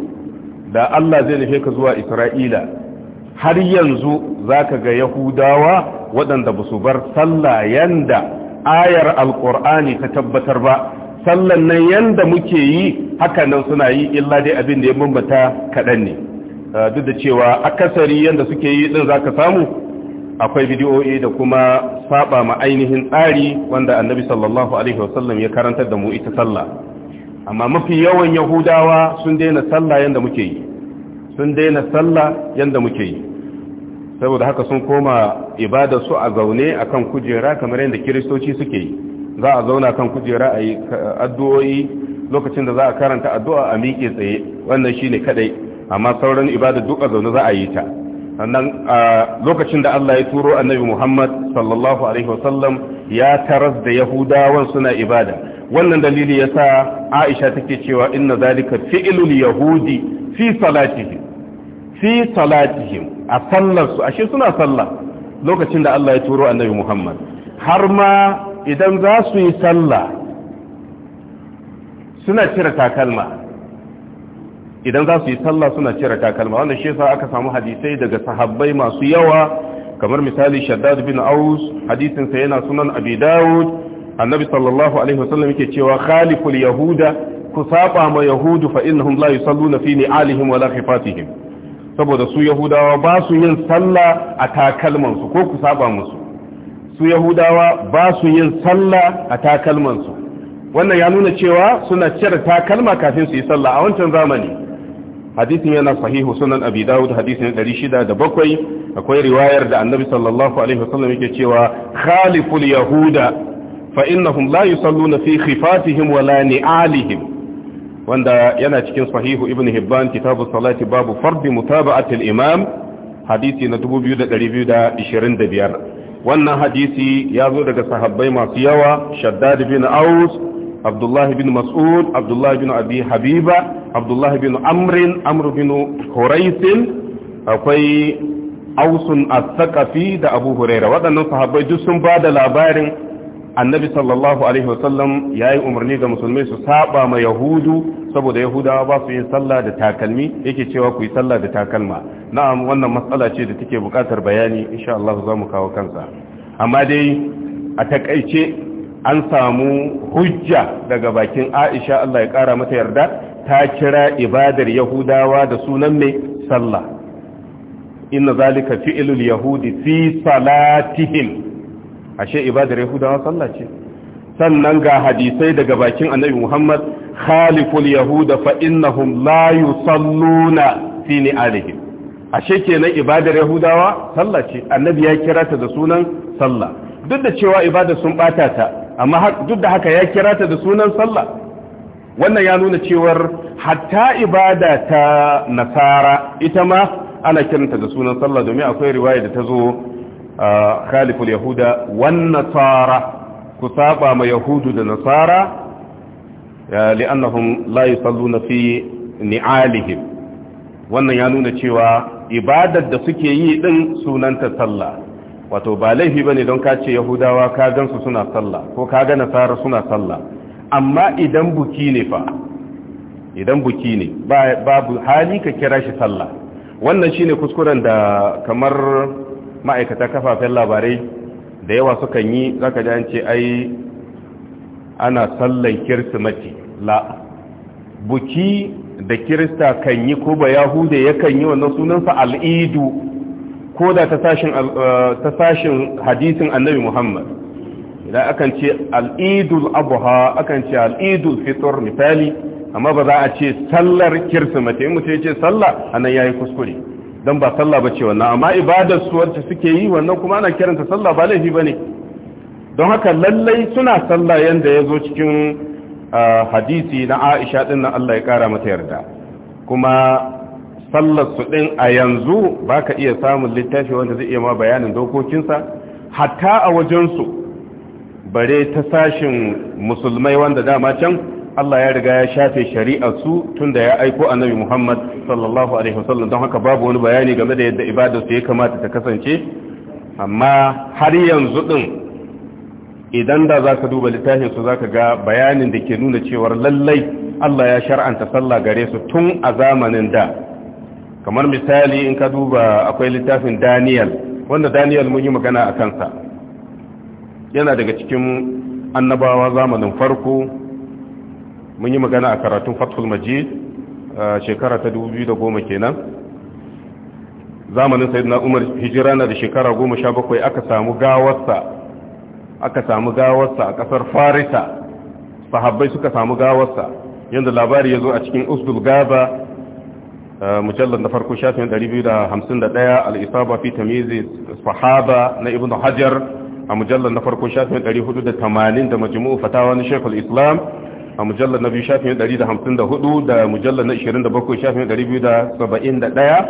da Allah zai nufe ka zuwa Isra'ila har yanzu za ka ga Yahudawa waɗanda ba su bar sallah yanda ayar alƙur'ani ta tabbatar ba sallan nan yanda muke yi hakanan suna yi illa dai abin da ya bambata kaɗan ne Eh, duk da cewa akasari yadda suke yi din zaka samu akwai bidiyoyi da kuma saba ma ainihin tsari wanda annabi sallallahu alaihi wasallam ya karantar da mu ita sallah amma mafi yawan yahudawa sun daina sallah yanda muke yi sun daina sallah yadda muke yi saboda haka sun koma ibada su a zaune akan kujera kamar yadda kiristoci suke yi za a zauna kan kujera a yi addu'o'i lokacin da za a karanta addu'a a miƙe tsaye wannan shine kadai amma sauran ibada duk a zaune za a yi ta sannan lokacin da Allah ya turo annabi Muhammad sallallahu alaihi wasallam ya taras da yahudawan suna ibada wannan dalili yasa Aisha take cewa inna zalika fi'lul yahudi fi salatihim fi salatihim a sallar su ashe suna sallah lokacin da Allah ya turo annabi Muhammad har ma idan za su yi sallah suna cire takalma idan za su yi sallah suna cire takalma wanda shi yasa aka samu hadisai daga sahabbai masu yawa kamar misali shaddad bin aus hadisin sa yana sunan abi dawud annabi sallallahu alaihi wasallam yake cewa khaliful yahuda ku ma yahudu fa innahum la yusalluna fi ni'alihim wala khifatihim saboda su yahudawa ba su yin sallah a takalman su ko ku musu su yahudawa ba su yin sallah a takalman su wannan ya nuna cewa suna cire takalma kafin su yi sallah a wancan zamani hadisin yana sahihu sunan abi dawud hadisin 607 akwai riwayar da annabi sallallahu alaihi wasallam yake cewa khaliful yahuda fa innahum la yusalluna fi khifatihim wa la ni'alihim wanda yana cikin sahihu ibn hibban kitabu salati babu fardi mutaba'atil imam hadisi na 2225 wannan hadisi ya zo daga sahabbai masu yawa shaddad bin aus abdullahi bin mas'ud abdullahi bin abi habiba abdullahi bin amrin amr bin huraisin akwai ausun as-saqafi da abu huraira waɗannan sahabbai duk sun ba da labarin annabi sallallahu alaihi wasallam ya yi umarni ga musulmai su saba ma yahudu saboda yahudawa ba su yin sallah da takalmi yake cewa ku yi sallah da takalma na'am wannan matsala ce da take buƙatar bayani insha Allah za mu kawo kansa amma dai a takaice an samu hujja daga bakin Aisha Allah ya kara mata yarda ta kira ibadar yahudawa da sunan mai sallah inna zalika fi'lul yahudi fi salatihim ashe ibadar yahudawa sallah ce sannan ga hadisai daga bakin annabi Muhammad khaliful yahuda fa innahum la yusalluna fi ni'alihim ashe kenan ibadar yahudawa sallah ce annabi ya kira ta da sunan sallah duk da cewa ibadar sun bata ta amma duk da haka ya kira ta da sunan sallah wannan ya nuna cewar hatta ibada ta nasara ita ma ana kiranta da sunan sallah domin akwai riwaya da ta zo khaliful yahuda Wannan nasara ku saba ma yahudu da nasara li'annahum la yusalluna fi ni'alihim wannan ya nuna cewa ibadar da suke yi din sunanta sallah wato ba laifi bane don ka ce yahudawa ka gansu suna sallah ko ka ga nasara suna sallah amma idan buki ne fa idan buki ne babu hali ka kira shi sallah wannan shine kuskuren da kamar ma'aikata kafafen labarai da yawa sukan yi zaka ji an ce ai ana sallan kirsimati la buki da kirista kan yi ko ba yahude yakan yi wannan sunansa al'idu ko da ta sashin eh, hadisin annabi muhammad idan akan ce al'idul abuha akan ce al'idul fitur misali amma ba za a ce sallar kirsimati in mutu ya ce sallah ya yi kuskure don ba sallah ce wannan amma ibadar su wacce suke yi wannan kuma ana kiranta sallah ba laifi ne don haka lallai suna sallah yadda ya zo cikin hadisi na Aisha din na Allah ya kara mata yarda kuma sallar su din a yanzu ba ka iya samun littafi wanda zai iya ma bayanin dokokinsa hatta a wajen su bare ta sashin musulmai wanda dama can Allah ya riga ya shafe shari'ar su tunda ya aiko annabi Muhammad sallallahu alaihi wasallam don haka babu wani bayani game da yadda ibadar su ya kamata ta kasance amma har yanzu ɗin, idan da za ka duba littafin su zaka ga bayanin da ke nuna cewar lallai Allah ya shar'anta sallah gare su tun a zamanin da kamar misali in ka duba akwai littafin Daniel wanda Daniel mun yi magana a kansa yana daga cikin annabawa zamanin farko mun yi magana a karatun fathul majid shekara ta 2010 kenan zamanin na umar hijira na da shekara 17 aka samu gawarsa aka samu gawarsa a kasar farisa sahabbai suka samu gawarsa yadda labari ya zo a cikin usdul gaba mujallar na farko shafin 251 al'isaba fi tamizi sahaba na ibn hajar a mujallar na farko shafin 480 da majmu'u fatawa na shekul islam a mujallar na biyu shafin 154 da mujallar na 27 shafin 271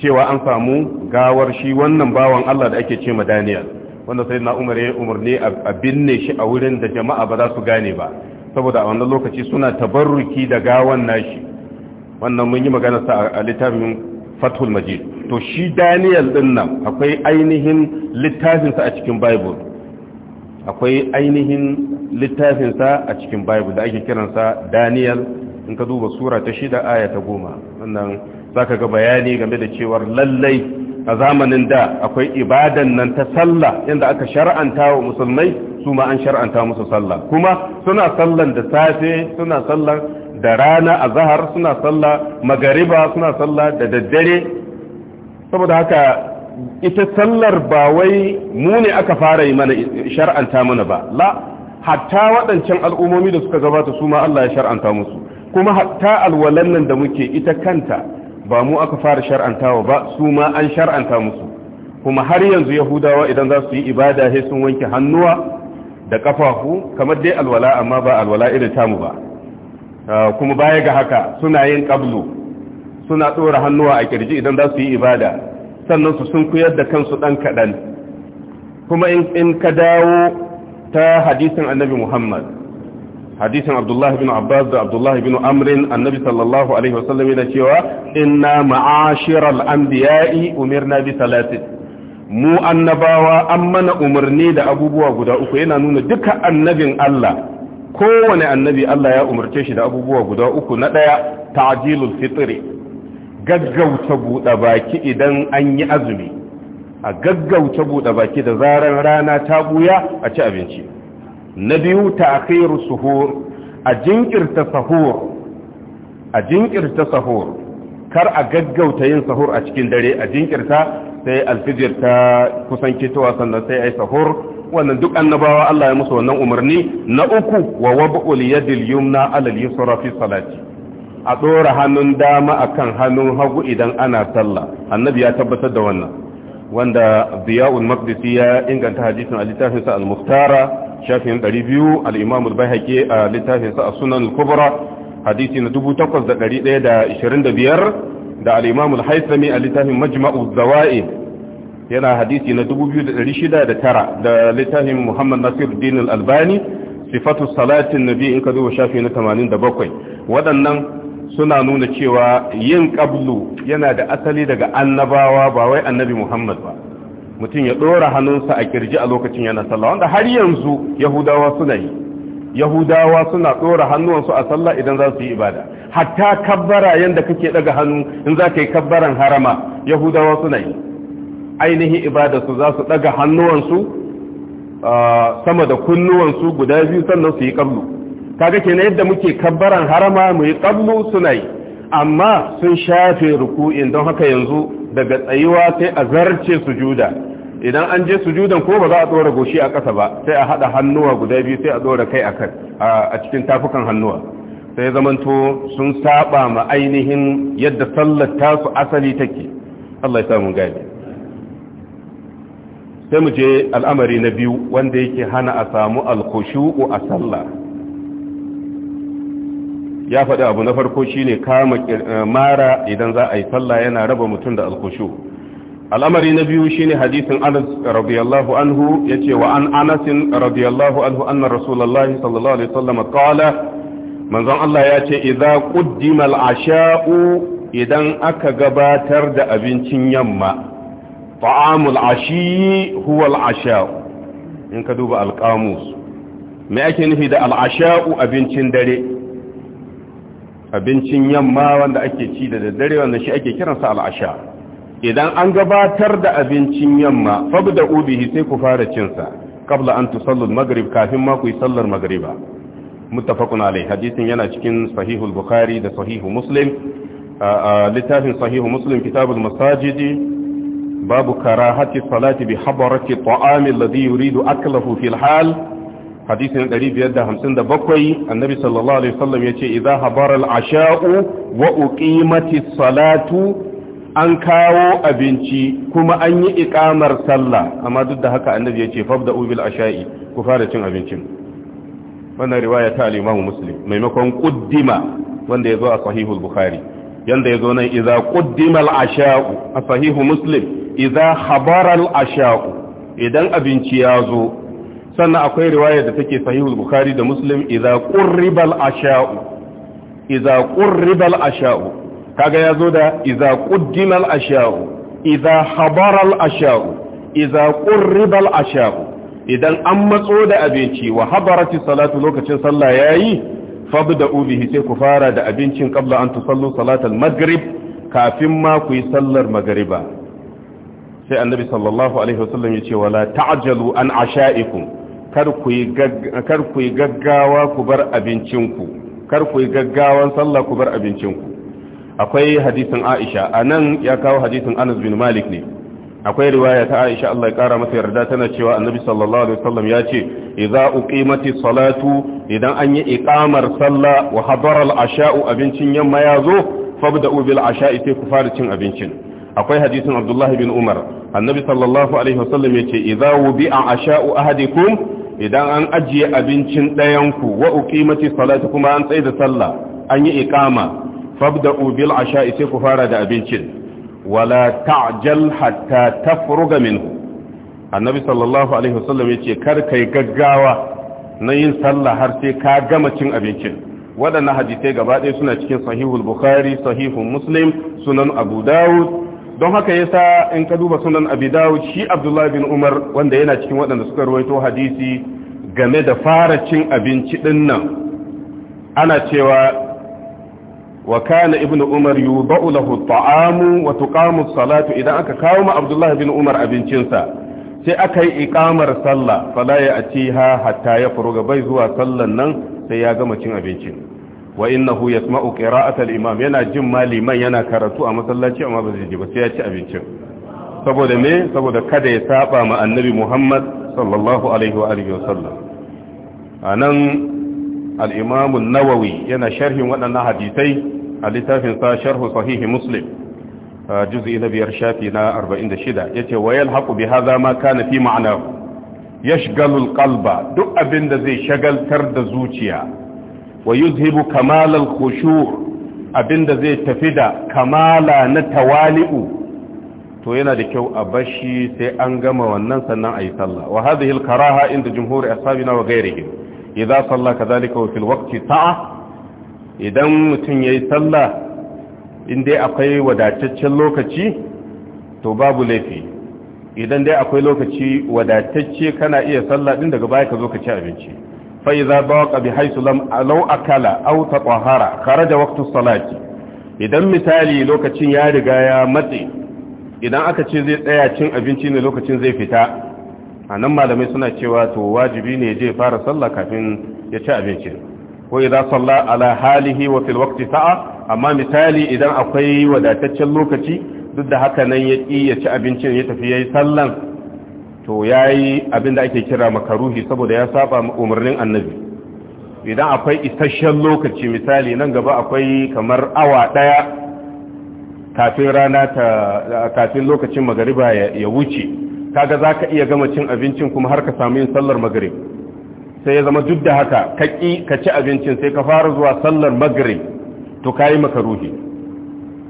cewa an samu gawar shi wannan bawan Allah da ake ce ma Daniel wanda sai na umar ya umarni a binne shi a wurin da jama'a ba za su gane ba saboda a wannan lokaci suna tabarruki da gawan nashi wannan mun yi magana sa a littafin fathul majid to shi daniel din nan akwai ainihin littafinsa a cikin bible akwai ainihin littafinsa a cikin bible da ake kiransa daniel in ka duba sura ta shida aya ta goma wannan za ga bayani game da cewar lallai a zamanin da akwai ibadan nan ta sallah yadda aka shar'anta wa musulmai su ma an shar'anta musu sallah kuma suna sallan da safe suna sallan da rana a zahar suna sallah magariba suna sallah da daddare saboda haka ita sallar ba wai mu ne aka fara yi mana shar'anta mana ba la hatta waɗancan al'ummomi da suka gabata su ma Allah ya shar'anta musu kuma hatta alwalan nan da muke ita kanta ba mu aka fara shar'antawa ba su ma an shar'anta musu kuma har yanzu yahudawa idan za su yi ibada sai sun wanke hannuwa da kafafu kamar dai alwala amma ba alwala irin tamu ba Ah, kuma baya ga haka suna yin ƙablu suna dora hannuwa a kirji idan za su yi ibada sannan su sun kuyar da kansu ɗan kaɗan kuma in ka dawo ta hadisin annabi Muhammad hadisin abdullahi bin Abbas da abdullahi bin amrin annabi sallallahu alaihi wasallam yana cewa inna ma'ashiral anbiya'i umirna bi talatin mu annabawa an mana umarni da abubuwa guda uku yana nuna duka annabin Allah kowane annabi Allah ya umarce shi da abubuwa guda uku na ɗaya ta'jilul fitri gaggauta buɗe baki idan an yi azumi a gaggauta buɗe baki da zaran rana ta buya a ci abinci na biyu ta'khiru suhur a jinkirta sahur a jinkirta sahur kar a gaggauta yin sahur a cikin dare a jinkirta sai alfijir ta kusan kitowa sannan sai ai sahur wannan duk annabawa Allah ya musu wannan umarni na uku wa wab'ul yadil yumna alal yusra fi salati a dora hannun dama akan hannun hagu idan ana sallah annabi ya tabbatar da wannan wanda Ziyaul Maqdisi ya inganta hadisin a littafin sa Al-Muftara shafin 200 al-Imam al-Baihaqi a littafin sa As-Sunan al-Kubra hadisi na 8125 da al-Imam al-Haythami a littafin Majma'u Zawaid yana hadisi na 2609 da littafin Muhammad Nasiruddin Al-Albani sifatu salatin nabi in ka duba shafi na 87 waɗannan suna nuna cewa yin qablu yana da asali daga annabawa ba wai annabi Muhammad ba mutum ya ɗora hannunsa a kirji a lokacin yana sallah wanda har yanzu yahudawa suna yi yahudawa suna dora hannuwansu a sallah idan za su yi ibada hatta kabbara yanda kake daga hannu in za ka yi kabbaran harama yahudawa suna yi ainihin ibadarsu za su ɗaga hannuwansu sama da kunnuwansu guda biyu sannan su yi ƙablu kaga ke yadda muke kabbaran harama mu yi ƙablu suna yi amma sun shafe ruku'in don haka yanzu daga tsayuwa sai a zarce sujuda idan an je sujudan ko ba za a ɗora goshi a ƙasa ba sai a haɗa hannuwa guda biyu sai a ɗora kai a cikin tafukan hannuwa sai zamanto sun saba ma ainihin yadda sallar tasu asali take Allah ya samu gani sai mu je al'amari na biyu wanda yake hana a samu alkushu'u a sallah ya faɗi abu na farko shine kama eh, mara idan za a yi sallah yana raba mutum da alkushu al'amari na biyu shine hadisin anas radiyallahu anhu yace wa an anas radiyallahu anhu anna rasulullahi sallallahu alaihi wasallam qala manzon Allah ya ce idan al-asha'u idan aka gabatar da abincin yamma ta'amul ashi huwa al'asha'u in ka duba alƙamus mai ake nufi da al'asha'u abincin dare abincin yamma wanda ake ci da daddare wanda shi ake kiransa al'asha idan an gabatar da abincin yamma fabda ubihi sai ku fara cinsa kabla an tusallul magrib kafin ma ku yi sallar magriba muttafaqun alai hadisin yana cikin sahihul bukhari da sahihu muslim littafin sahihu muslim kitabul masajidi babu karahati salati bi habarati ta'ami alladhi yuridu aklahu fil hal hadisin 557 annabi sallallahu alaihi wasallam yace idza habara al-asha'u wa salatu an kawo abinci kuma an yi ikamar sallah amma duk da haka annabi yace fabda'u bil asha'i ku fara cin abincin wannan riwaya ta al-Imam Muslim maimakon quddima wanda ya zo a sahihul Bukhari yanda ya zo nan idza quddima al-asha'u a sahihu muslim idza khabara al-asha'u idan abinci ya zo sannan akwai riwaya da take sahihu bukhari da muslim idza qurriba al-asha'u idza qurriba ashau kaga ya zo da idza quddima al-asha'u idza khabara al-asha'u idza qurriba ashau idan an matso da abinci wa habarati salatu lokacin sallah yayi fabda ubihi sai ku fara da abincin kabla an tusallu salatal maghrib kafin ma ku yi sallar magriba sai annabi sallallahu alaihi wasallam ya ce wala ta'jalu an ashaiku kar ku kar ku yi gaggawa ku bar abincinku kar ku yi gaggawan sallah ku bar abincinku akwai hadisin Aisha anan ya kawo hadisin Anas bin Malik ne akwai riwaya ta Aisha Allah ya kara masa yarda tana cewa Annabi sallallahu alaihi wasallam ya ce idza uqimati salatu idan an yi iqamar salla wa hadara al-asha'u abincin yamma ya zo fabda'u bil asha'i sai ku fara cin abincin akwai hadisin Abdullah bin Umar Annabi sallallahu alaihi wasallam ya ce idza wubi'a asha'u ahadikum idan an ajiye abincin dayan ku wa uqimati salatu kuma an tsaida sallah an yi iqama fabda'u bil asha'i sai ku fara da abincin wala ta'jal hatta tafruga minhu annabi sallallahu alaihi wasallam yace kar kai gaggawa na yin sallah har sai ka gama cin abincin wadannan hadisai gaba ɗaya suna cikin sahihul bukhari sahihun muslim sunan abu dawud don haka yasa in ka duba sunan abu dawud shi abdullahi bin umar wanda yana cikin waɗanda suka rawaito hadisi game da fara cin abinci ɗinnan ana cewa wa kana ibn umar yudau lahu ta'amu wa tuqamu salatu idan aka kawo ma abdullah bin umar abincinsa sai aka yi iqamar sallah fala ya atiha hatta ya ga bai zuwa sallan nan sai ya gama cin abincin wa innahu yasma'u qira'at al-imam yana jin maliman yana karatu a masallaci amma ba zai ji sai ya ci abincin saboda me saboda kada ya saɓa ma annabi Muhammad sallallahu alaihi wa alihi anan al-imam nawawi yana sharhin waɗannan hadisai a littafin sa sharh sahih muslim juz'i na biyar shafi na ya ce wa yalhaqu bi hadha ma kana fi ma'na yashghalu al duk abinda zai shagaltar da zuciya wa yuzhibu kamal al abinda zai tafi da kamala na tawali'u to yana da kyau a bashi sai an gama wannan sannan a yi sallah wa hadhihi al-karaha inda jumhur ashabina wa ghayrihim Idan salla kadhalika wa fil waqti ta'a idan mutum yayi sallah in dai akwai wadataccen lokaci to babu laifi idan dai akwai lokaci wadatacce kana iya sallah din daga baya ka zo ka ci abinci fa idza baqa bi haythu lam alau akala aw tatahara kharaja waqtu salati idan misali lokacin ya riga ya matse idan aka ce zai tsaya cin abinci ne lokacin zai fita a nan malamai suna cewa to wajibi ne je fara sallah kafin ya ci abinci ko idan sallah ala halihi wa fil waqti sa'a amma misali idan akwai wadataccen lokaci duk da haka nan ya ki ya ci abincin ya tafi yayi sallan to yayi abinda ake kira makaruhi saboda ya saba umarnin annabi idan akwai isasshen lokaci misali nan gaba akwai kamar awa daya kafin rana ta kafin lokacin magariba ya wuce kaga za ka iya gama cin abincin kuma har ka samu yin sallar magrib sai ya zama duk da haka ka ƙi ka ci abincin sai ka fara zuwa sallar magrib to ka yi maka tun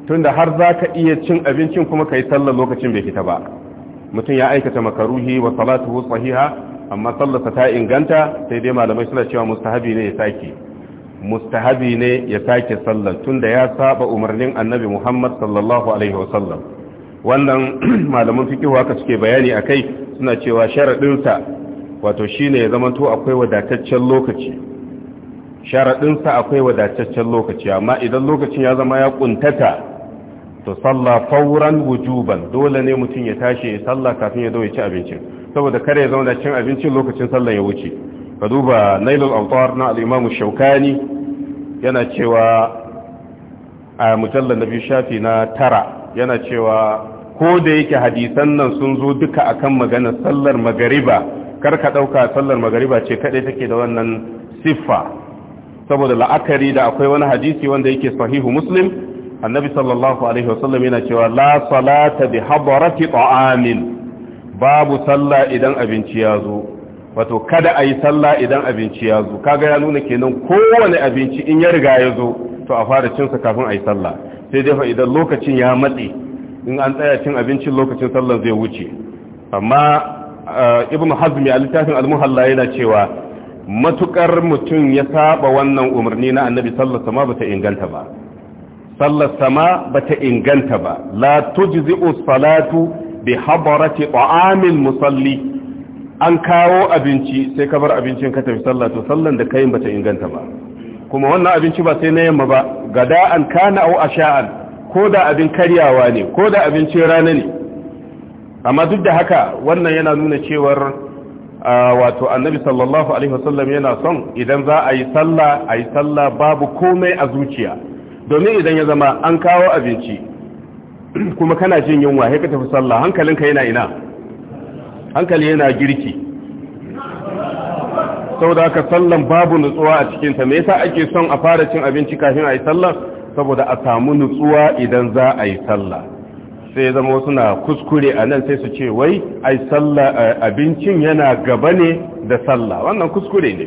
tunda har za ka iya cin abincin kuma ka yi sallar lokacin bai fita ba mutum ya aikata maka ruhi wa salatuhu sahiha amma sallarsa ta inganta sai dai malamai suna cewa mustahabi ne ya sake mustahabi ne ya sake sallar tunda ya saba umarnin annabi muhammad sallallahu alaihi wasallam wannan malaman fiƙi haka suke bayani a kai suna cewa sharaɗinsa wato shi ne ya zamanto akwai wadataccen lokaci sharaɗinsa akwai wadataccen lokaci amma idan lokacin ya zama ya ƙuntata to salla fauran wujuban dole ne mutum ya tashi ya sallah kafin ya zo ya ci abincin saboda kare ya zama da cin abincin lokacin sallan ya wuce ka duba nailul autar na al'imamu shaukani yana cewa a mujallar na biyu shafi na tara yana cewa ko da yake hadisan nan sun zo duka akan maganar sallar magariba kar ka ɗauka sallar magariba ce kaɗai take da wannan siffa saboda la'akari da akwai wani hadisi wanda yake sahihu muslim annabi sallallahu alaihi wasallam yana cewa la salata bi hadarati ta'amin babu sallah idan abinci ya zo wato kada a yi sallah idan abinci ya zo kaga ya nuna kenan kowane abinci in ya riga ya zo to a fara cinsa kafin a yi sallah sai dai fa idan lokacin ya matse in an tsaya cin abincin lokacin sallar zai wuce amma eh, ibn hazmi a littafin almuhalla yana cewa matukar mutum ya saba wannan umarni na annabi sallar sama bata inganta ba sallar sama ta inganta ba la tujzi'u salatu bi habarati ta'amil musalli an kawo abinci sai ka bar abincin ka tafi sallah to sallan da kayin ta inganta ba kuma wannan abinci ba sai na yamma ba an kana au asha'an ko da abin karyawa ne ko da abincin rana ne amma duk da haka wannan yana nuna cewar wato annabi sallallahu alaihi wasallam yana son idan za a yi sallah a yi sallah babu komai a zuciya domin idan ya zama an kawo abinci kuma kana jin yunwa sai ka tafi sallah hankalinka yana ina hankali yana girki saboda ka sallan babu nutsuwa a cikinta me yasa ake son a fara cin abinci kafin a yi sallah saboda a samu nutsuwa idan za a yi sallah sai zama suna kuskure a nan sai su ce wai eh, abincin yana gaba ne da sallah wannan kuskure ne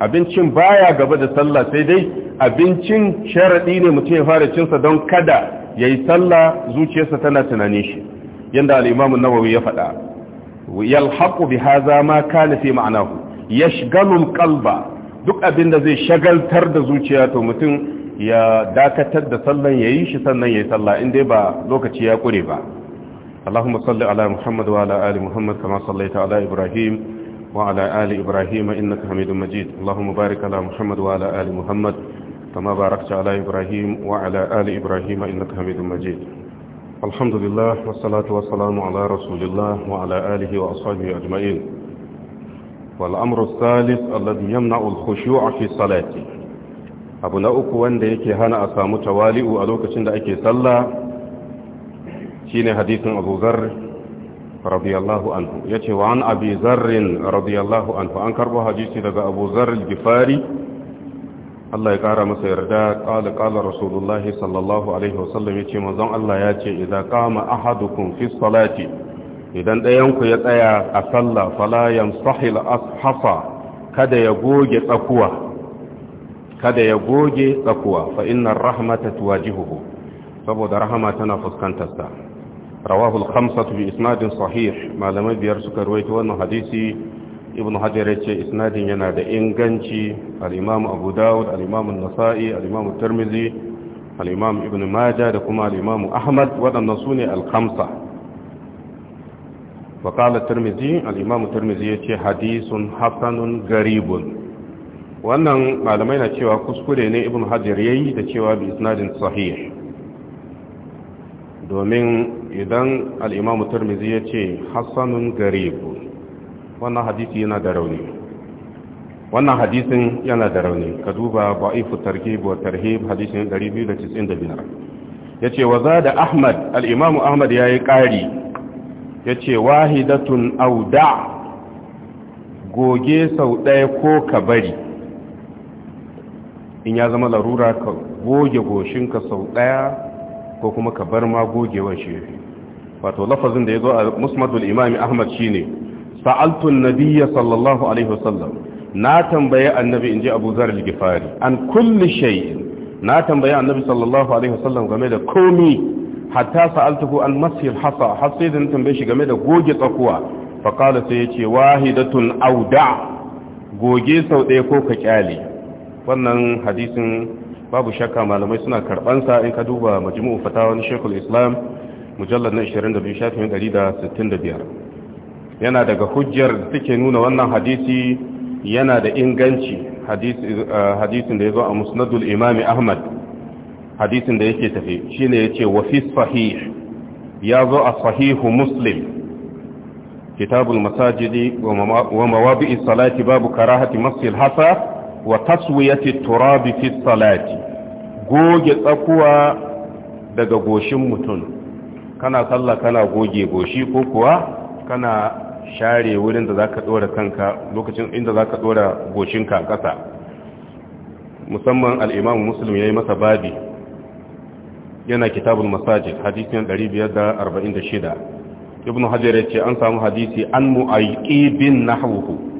abincin baya gaba da sallah sai dai abincin sharaɗi ne mutum ya fara cinsa don kada yayi sallah zuciyarsa tana tunanin shi Yadda al-Imam nawawi ya faɗa yalhaqu bi haza ma kana fi ma'nahu yashghalu al-qalba duk abin da zai shagaltar da zuciya to mutum ya dakatar da sallan ya yi shi sannan ya yi sallah inda ba lokaci ya ƙure ba Allahumma salli ala Muhammad wa ala ali Muhammad kama sallaita ala Ibrahim wa ala ali Ibrahim innaka Hamidum Majid Allahumma barik ala Muhammad wa ala ali Muhammad kama barakta ala Ibrahim wa ala ali Ibrahim innaka Hamidum Majid Alhamdulillah wassalatu wassalamu ala Rasulillah wa ala alihi wa ashabihi ajma'in والأمر الثالث الذي يمنع الخشوع في صلاته abu na uku wanda yake hana a samu tawali'u a lokacin da ake sallah shine hadisin Abu Dharr radiyallahu anhu yace wa an Abi zarrin radiyallahu anhu an karbo hadisi daga Abu Dharr Allah ya kara masa yarda ƙala qala rasulullahi sallallahu alaihi wasallam yace manzon Allah yace idza qama ahadukum fi salati idan ɗayanku ya tsaya a sallah fala yamsahil ashafa kada ya goge tsakuwa kada ya goge tsakuwa fa innar rahmata tuwajihuhu saboda rahama tana fuskantar sa rawahu al-khamsatu bi isnadin sahih malamai biyar suka ruwaito wannan hadisi ibnu hajar yace isnadin yana da inganci al-imam abu daud al-imam an-nasa'i al-imam at tirmidhi al-imam ibn majah da kuma al-imam ahmad wadannan sune al-khamsa wa qala at-tirmidhi al-imam at-tirmidhi yace حديث hasanun garibun wannan malamai na cewa kuskure ne ibn hajjar ya yi da cewa bi isnadin sahih domin idan al'imamu turmizi ya ce hassanun garibu wannan hadisi yana da rauni wannan hadisin yana da rauni ka duba ba'ifu tarhib wa tarhib hadisin 295 ya ce wa za da ahmad al'imamu ahmad ya yi ƙari ya ce wahidatun auda goge sau ɗaya ko ka bari in ya zama larura ka goge goshinka sau ɗaya ko kuma ka bar ma gogewar shi wato lafazin da ya zo a musmadul imami ahmad shine sa'altun nabiya sallallahu alaihi wasallam na tambaye annabi inji abu zar al-gifari an kulli shay na tambaye annabi sallallahu alaihi wasallam game da komi hatta sa'altuhu an masir hasa har sai tambaye shi game da goge tsakuwa fa qala sai yace wahidatun awda goge sau ɗaya ko ka kyale wannan hadisin babu shakka malamai suna karbansa in ka duba majmu'u fatawa na Sheikhul Islam mujallad na 22 shafin 165 yana daga hujjar da take nuna wannan hadisi yana da inganci hadisi eh, hadisin da ya zo a musnadul imami ahmad hadisin da yake tafi shine yace wa fi sahih ya zo a sahihu muslim kitabul masajidi wa mawabi'is salati babu karahati masjid hasa wa taswiyati turabi fi salati goge tsakuwa daga goshin mutum kana sallah kana goge goshi ko kuwa kana share wurin da zaka dora kanka lokacin inda zaka dora goshinka ka ƙasa musamman al-Imam Muslim yayi masa babi yana kitabul masajid hadisi 546 ibnu hajar yace an samu hadisi an mu'ayqi bin nahwuhu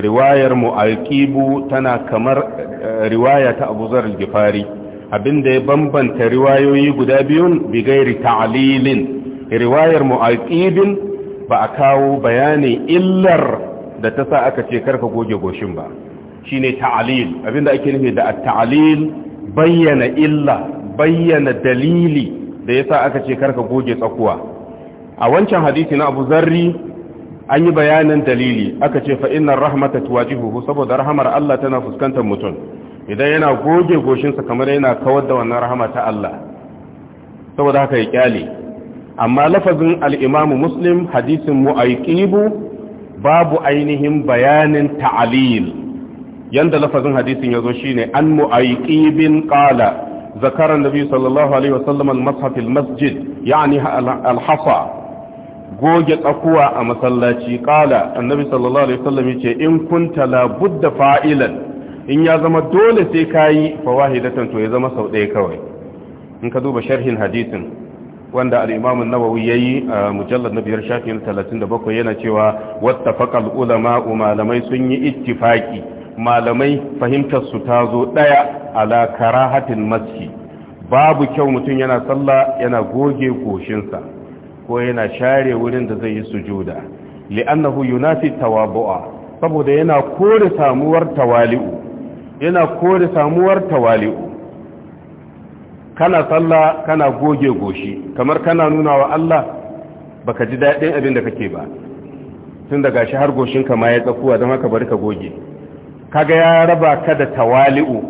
riwayar mu'alkibu tana kamar eh, riwaya ta abu zarar gifari abinda ya bambanta riwayoyi guda biyun bigairi ta'alilin riwayar mu'alkibin ba a kawo bayani illar da ta sa aka ce karka goge goshin ba shine ta'alil abinda ake nufi da ta'alil bayyana illa bayyana dalili da ya sa aka ce karka goge tsakuwa a wancan hadisi na abu zarri an yi bayanin dalili aka ce fa innar rahmata tuwajihuhu saboda rahamar Allah tana fuskantar mutum idan yana goge goshinsa kamar yana kawar da wannan rahama ta Allah saboda haka ya kyale amma lafazin al'imamu Muslim hadisin mu'ayqibu babu ainihin bayanin ta'alil yanda lafazin hadisin yazo shine an mu'ayqibin qala zakaran an-nabi sallallahu alaihi wasallam al masjid ya'ani al-hasa goge tsakuwa a masallaci kala annabi sallallahu alaihi wasallam yace in kunta la budda fa'ilan in ya zama dole sai kayi fawahidatan to ya zama sau ɗaya kawai in ka duba sharhin hadisin wanda al-imam an-nawawi yayi a mujallad na biyar shafin 37 yana cewa wattafaqal ulama malamai sun yi ittifaki malamai fahimtar su ta zo ɗaya ala karahatin maski babu kyau mutum yana sallah yana goge koshinsa. ko yana share wurin da zai yi sujuda li'annahu yunafi tawabu'a saboda yana kore samuwar tawali'u yana kore samuwar tawali'u kana sallah kana goge goshi kamar kana nuna wa Allah baka ji daɗin abin da kake ba tun daga shi har goshinka ma ya tsakuwa don haka bari ka goge kaga ya raba ka da tawali'u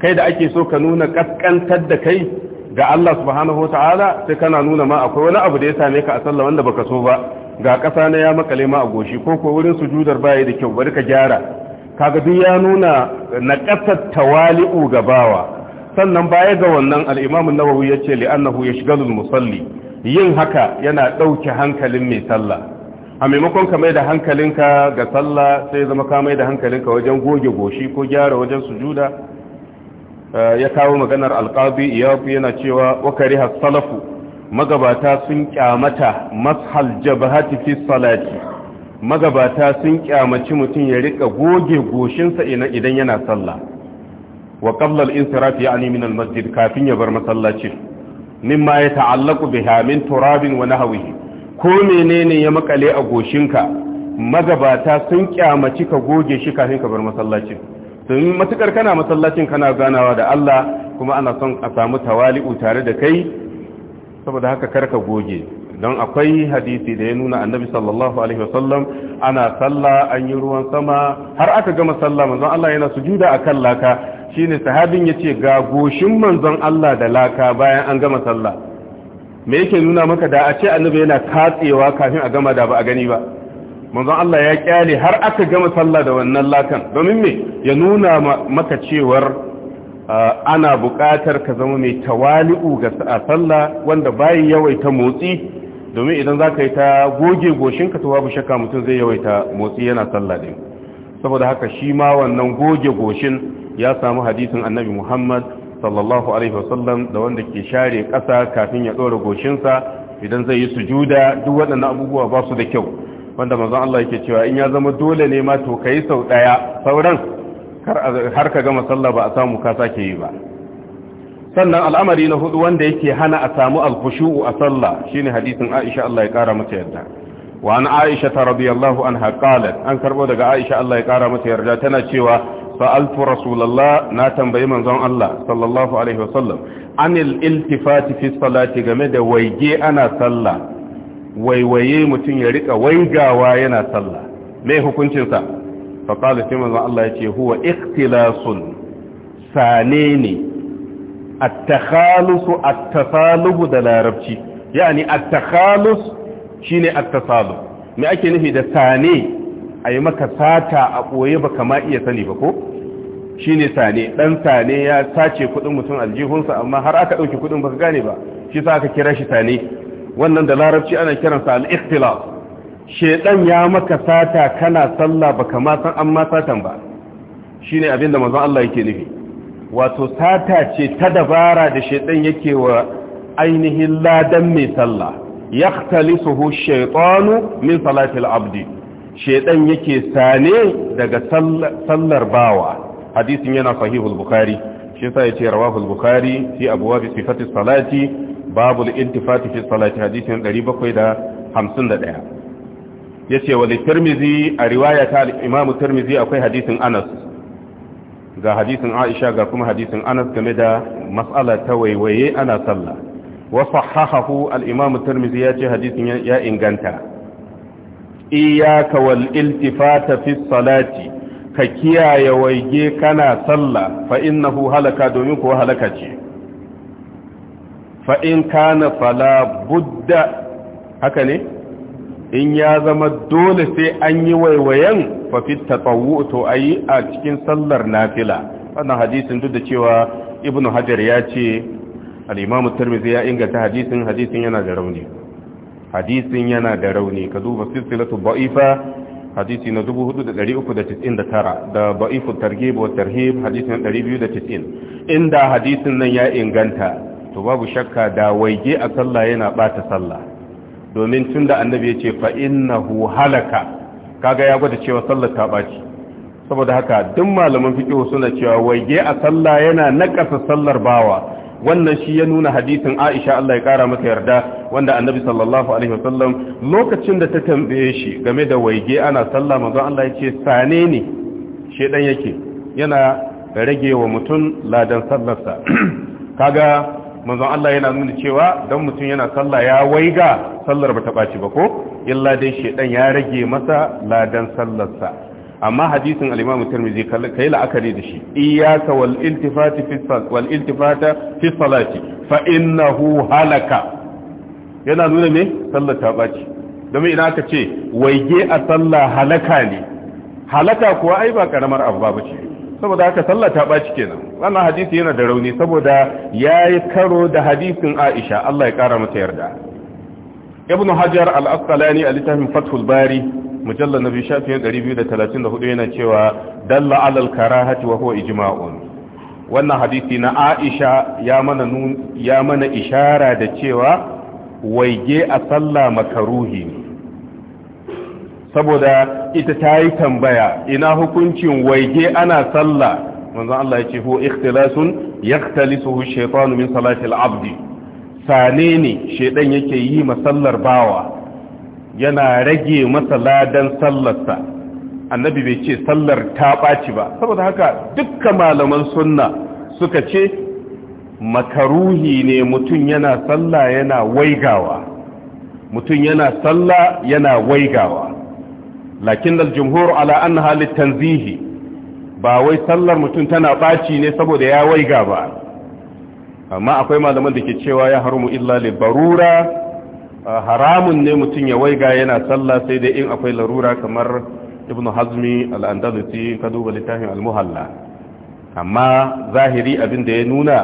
kai da ake so ka nuna kaskantar da kai ga Allah subhanahu ta'ala sai kana nuna ma akwai wani abu da ya same ka a sallah wanda baka so ba ga ƙasa na ya makale ma a goshi ko ko wurin sujudar baya da kyau bari ka gyara kaga duk ya nuna naqasat tawali'u ga bawa sannan baya ga wannan al-Imam an-Nawawi yace li'annahu yashghalul musalli yin haka yana dauke hankalin mai sallah a maimakon ka mai da hankalinka ga sallah sai zama ka mai da hankalinka wajen goge goshi ko gyara wajen sujuda Eh, ya kawo maganar alqabi iyab yana cewa wa kariha salafu magabata sun kyamata mashal jabhati fi salati magabata sun kyamaci mutum ya rika goge goshinsa idan yana sallah wa qabla al-insiraf ya'ni min al-masjid kafin ya bar masallaci mimma ya ta'allaqu biha min turabin wa nahwihi ko menene ya makale a goshinka magabata sun kyamaci ka goge shi kafin ka bar masallacin domin matukar kana masallacin kana ganawa da Allah kuma ana son a samu tawali'u tare da kai saboda haka karka goge don akwai hadisi da ya nuna annabi sallallahu alaihi wasallam ana sallah an yi ruwan sama har aka gama sallah manzon Allah yana sujuda akan laka shine sahabin yace ga goshin manzon Allah da laka bayan an gama sallah me yake nuna maka da a ce annabi yana katsewa kafin a gama da ba a gani ba manzon Allah ya kyale har aka gama sallah da wannan lakan domin me ya nuna maka cewar ana buƙatar ka zama mai tawali'u ga sallah wanda bai yawaita motsi domin idan za ka yi ta goge ka to babu shakka mutum zai yawaita motsi yana sallah din saboda haka shi ma wannan goge goshin ya samu hadisin annabi Muhammad sallallahu alaihi wasallam da wanda ke share ƙasa kafin ya ɗora goshinsa idan zai yi sujuda duk waɗannan abubuwa ba su da kyau wanda manzon Allah yake cewa in ya zama dole ne ma to yi sau ɗaya sauran har ka gama sallah ba a samu ka sake yi ba sannan al'amari na hudu wanda yake hana a samu alkhushu'u a sallah shine hadisin Aisha Allah ya ƙara mata yarda wa an Aisha ta anha Allah an karɓo daga Aisha Allah ya ƙara mata yarda tana cewa sa'altu rasulallah na tambayi manzon Allah sallallahu alaihi wasallam anil iltifati fi salati game da waige ana sallah waiwaye mutum ya rika waigawa yana sallah mai hukuncinsa faƙalu sai mazan Allah ya ce huwa ikhtilasun sane ne at-takhalusu at-tasaluhu da larabci yani at-takhalus ne at-tasaluh me ake nufi da sane a yi maka sata a ɓoye ba kama iya sani ba ko Shi ne sane Ɗan sane ya sace kuɗin mutum aljihunsa amma har aka ɗauki kudin baka gane ba shi sa aka kira shi sane wannan da larabci ana kiransa al-ikhtilaf ya maka sata kana sallah ba ma san an ma satan ba shine abinda mazan Allah yake nufi wato sata ce ta dabara da shedan yake wa ainihin ladan mai sallah suhu shaytanu min salati al-abdi shedan yake sane daga sallar bawa hadisin yana fahihul bukhari shi sa yace ce al-bukhari fi abwab sifati salati babu intifati fi salati hadisin 751 yace wa tirmizi a riwaya ta imam tirmizi akwai hadisin Anas ga hadisin Aisha ga kuma hadisin Anas game da mas'ala ta waiwaye ana sallah wa sahahahu al-imam tirmizi yace hadisin ya inganta iyyaka wal iltifata fi salati ka kiyaye waige kana sallah fa innahu halaka domin kuwa halaka ce fa'in kana fala budda haka ne in ya zama dole sai an yi waiwayen fafi taɓawu to a yi a cikin sallar nafila wannan hadisin duk da cewa ibn hajar ya ce al'imamu tarmizi ya inganta hadisin hadisin yana da rauni hadisin yana da rauni ka duba silsilatu ba'ifa hadisi na 4399 da ba'ifu targhib wa tarhib hadisin 290 inda hadisin nan ya inganta to babu shakka da waige a sallah yana bata sallah domin tunda annabi ya ce fa innahu halaka kaga ya gwada cewa sallah ta baci saboda haka duk malaman fiqh suna cewa waige a sallah yana nakasa sallar bawa wannan shi ya nuna hadisin Aisha Allah ya kara mata yarda wanda Annabi sallallahu alaihi wasallam lokacin da ta tambaye shi game da waige ana sallah maza Allah ya ce sane ne shedan yake yana rage wa mutum ladan sallarsa kaga manzon Allah yana nuna cewa dan mutum yana sallah ya waiga sallar bata baci ba ko illa dai shedan ya rage masa ladan sallarsa amma hadisin al-Imam Tirmidhi kai la'akari da shi iyyaka wal iltifati fi wal iltifata fi salati fa innahu halaka yana nuna ne sallar ta baci domin ina aka ce waige a sallah halaka ne halaka kuwa ai ba karamar abu ba ce saboda haka sallah ta ɓaci kenan wannan hadisi yana da rauni saboda ya yi karo da hadisin aisha Allah ya ƙara mata yarda ibn hajar al-asqalani a littafin fathul bari mujallar nabi shafin 234 yana cewa dalla alal karahati wa huwa ijma'un wannan hadisi na aisha ya mana ya mana ishara da cewa waige a sallah makaruhi ne saboda ita ta yi tambaya ina hukuncin waige ana sallah manzon Allah ya ce huwa ikhtilasun yaqtalisuhu shaytanu min salati abdi sane ne shedan yake yi masallar bawa yana rage masa ladan sallarsa annabi bai ce sallar ta ɓaci ba saboda haka dukka malaman sunna suka ce makaruhi ne mutum yana sallah yana waigawa mutum yana sallah yana waigawa lakin dal jumhur ala annaha litanzihi ba wai sallar mutum tana baci ne saboda ya waiga ba amma akwai malaman da ke cewa ya haramu illa li barura ah, haramun ne mutum ya waiga yana sallah sai dai in akwai larura kamar ibnu hazmi al-andalusi ka duba littafin al-muhalla amma zahiri abin da ya nuna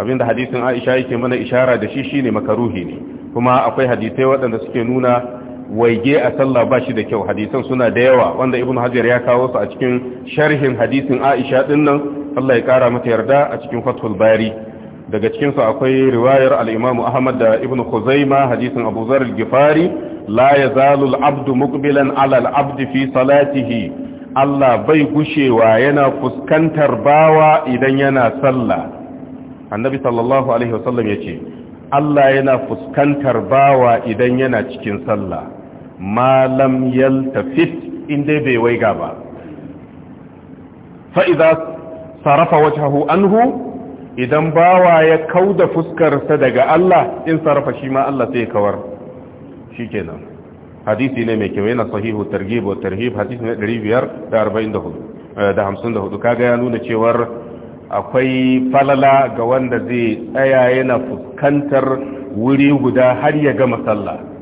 abin da hadisin Aisha yake mana ishara da shi shine makaruhi ne kuma akwai hadisai waɗanda suke nuna waige a sallah ba shi da kyau hadisan suna da yawa wanda ibn hajar ya kawo su a cikin sharhin hadisin aisha din nan Allah ya kara mata yarda a cikin fathul bari daga cikin su akwai riwayar al-imam ahmad da ibn khuzaima hadisin abu zar al-gifari la yazalu al-abdu muqbilan ala al-abd fi salatihi Allah bai gushewa yana fuskantar bawa idan yana sallah annabi sallallahu alaihi wasallam yace Allah yana fuskantar bawa idan yana cikin sallah malam yaltafit in dai bai waiga ba fa'iza sarrafa wajahu anhu idan bawa ya kau da fuskarsa daga Allah in sarrafa shi ma Allah sai kawar shi kenan hadisi ne mai kyau yana sahihu targhib wa tarhib hadisi ne 544 da 54 eh, kaga ya nuna cewar akwai falala ga wanda zai tsaya yana fuskantar wuri guda har ya gama sallah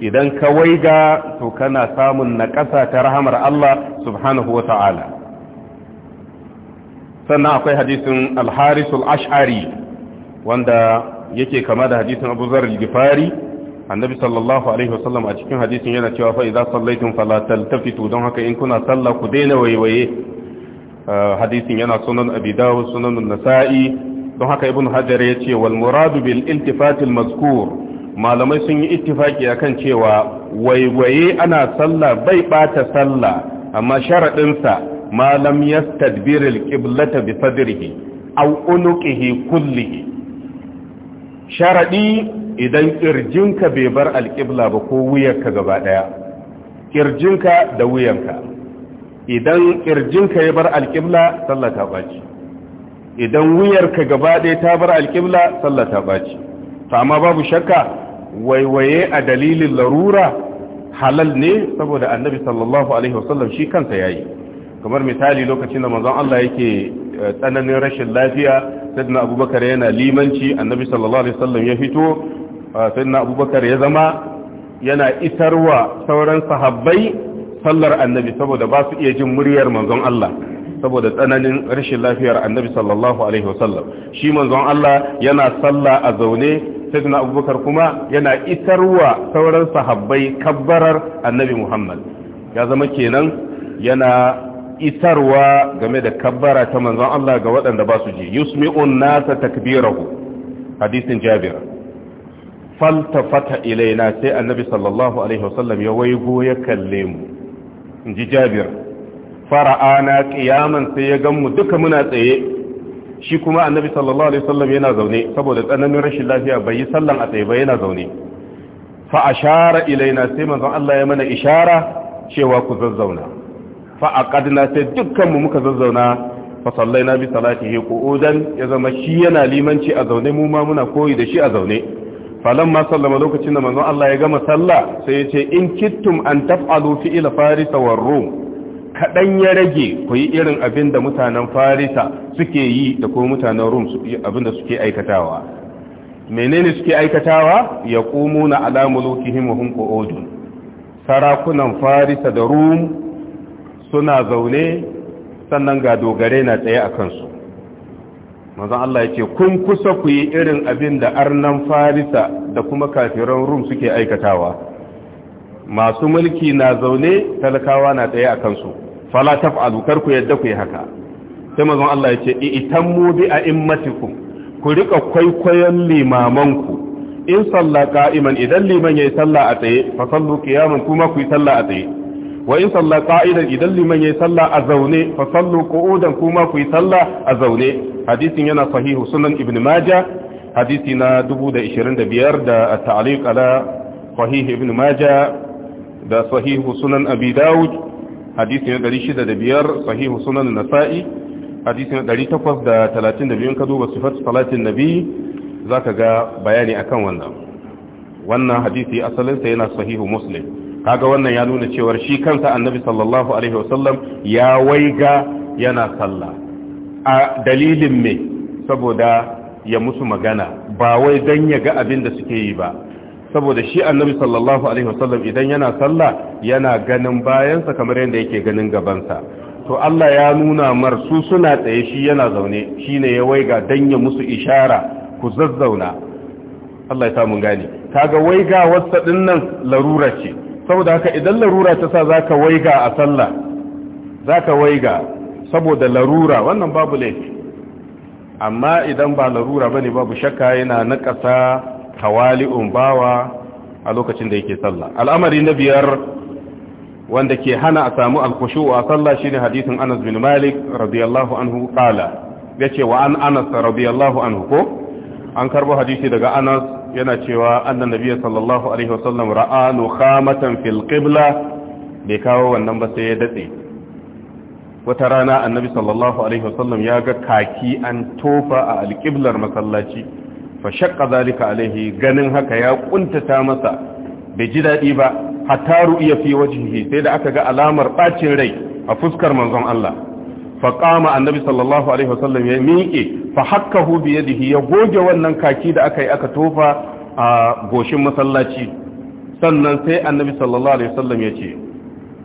idan ka waiga to kana samun naƙasa ta rahamar Allah subhanahu wa ta'ala sannan akwai hadisin alharisul ash'ari wanda yake kama da hadisin abu zarar gifari annabi sallallahu alaihi wasallam a cikin hadisin yana cewa fa idza sallaitum fala taltafitu don haka in kuna sallah ku daina waiwaye uh, hadisin yana sunan abi dawud sunan nasa'i don haka ibn hajar yace wal muradu bil iltifatil al mazkur malamai sun yi ittifaki akan cewa waiwaye ana sallah bai bata sallah amma sharaɗinsa malam yastadbir ƙiblata bi sadrihi aw unuqihi kullihi sharadi idan kirjinka bai bar alƙibla ba ko wuyarka gaba daya kirjinka da wuyanka idan kirjinka ya bar alƙibla sallah ta baci idan wuyarka gaba ɗaya ta bar alƙibla sallah ta baci to amma babu shakka waiwaye a dalilin larura halal ne saboda annabi sallallahu alaihi wasallam shi kansa yayi kamar misali lokacin da manzon Allah yake eh, tsananin rashin lafiya sayyidina abubakar yana limanci annabi sallallahu alaihi wasallam ya fito eh, sayyidina abubakar ya zama yana isarwa sauran sahabbai sallar annabi saboda ba su iya jin muryar manzon Allah saboda tsananin rashin lafiyar annabi sallallahu alaihi wasallam shi manzon Allah yana sallah a zaune sayyidina abubakar kuma yana isarwa sauran sahabbai kabbarar annabi muhammad ya zama kenan yana isarwa game da kabbara ta manzon Allah ga waɗanda ba su ji yusmi'un nasa takbirahu hadisin jabir faltafata ilaina sai annabi sallallahu alaihi wasallam ya waigo ya kalle mu inji jabir fara'ana qiyaman sai ya gan mu duka muna tsaye shi kuma annabi sallallahu alaihi wasallam yana zaune saboda tsananin rashin lafiya bai yi sallan a tsaye ba yana zaune fa ashara ilaina sai manzon Allah ya mana ishara cewa ku zazzauna fa aqadna sai dukkan mu muka zazzauna fa sallaina bi salatihi qu'udan ya zama shi yana limanci a zaune mu ma muna koyi da shi a zaune falamma sallama lokacin da manzon Allah ya gama sallah sai ya ce in kittum an taf'alu fi ila faris war rum kaɗan ya rage ku yi irin abin da mutanen farisa suke yi da kuma mutanen rum abin da suke aikatawa menene suke aikatawa ya ƙumu na alamulokihin wa hunko sarakunan farisa da rum suna zaune sannan ga dogare na tsaye a kansu mazan Allah ya ce kun kusa ku yi irin abin da arnan farisa da kuma kafiran rum suke aikatawa masu mulki na zaune talakawa na tsaye a kansu fala taf'alu kar ku yadda ku yi haka sai manzon Allah yace itammu bi a'immatikum ku riƙa kwaikwayon limamanku in salla qa'iman idan liman ya yi salla a tsaye fa sallu qiyaman kuma ku yi salla a tsaye wa in salla qa'idan idan liman ya yi salla a zaune fa sallu qu'udan kuma ku yi salla a zaune hadisin yana sahihu sunan ibn maja hadisi na 1025 da at-ta'liq ala sahih ibn maja da sahihu sunan abi daud hadisi na biyar sahihu sunan nasa'i hadisi na 832 ka duba sifat biyu za ka ga bayani akan wannan wannan hadisi asalinsa yana sahihu muslim kaga wannan ya nuna cewar shi kansa annabi sallallahu alaihi wasallam ya waiga yana sallah a dalilin me saboda ya musu magana ba wai dan ya ga abin da suke yi ba saboda shi annabi sallallahu alaihi wasallam idan yana sallah yana ganin bayansa kamar yadda yake ganin gabansa to Allah ya nuna mar su suna tsaye shi yana zaune shine ya waiga dan ya musu ishara ku zazzauna Allah ya samu gani kaga waiga wasa dinnan larura ce saboda haka idan larura ta sa zaka waiga a sallah zaka waiga saboda larura wannan babu laifi amma idan ba larura bane babu shakka yana nakasa tawali'un bawa a lokacin da yake sallah al'amari na biyar wanda ke hana a samu alkushu a sallah shine hadisin Anas bin Malik radiyallahu anhu qala yace wa an Anas radiyallahu anhu ko an karbo hadisi daga Anas yana cewa annabi sallallahu alaihi wasallam ra'a nukhamatan fil qibla bai kawo wannan ba sai ya datse wata rana annabi sallallahu alaihi wasallam ya ga kaki an tofa a alqiblar masallaci fa shaqqa zalika alaihi ganin haka ya kuntata masa bai ji daɗi ba hatta ru'ya fi wajhihi sai da aka ga alamar bacin rai a fuskar manzon Allah fa qama annabi sallallahu alaihi wasallam ya miƙe fa hakkahu bi yadihi ya goge wannan kaki da aka yi aka tofa a goshin masallaci sannan sai annabi sallallahu alaihi wasallam ya ce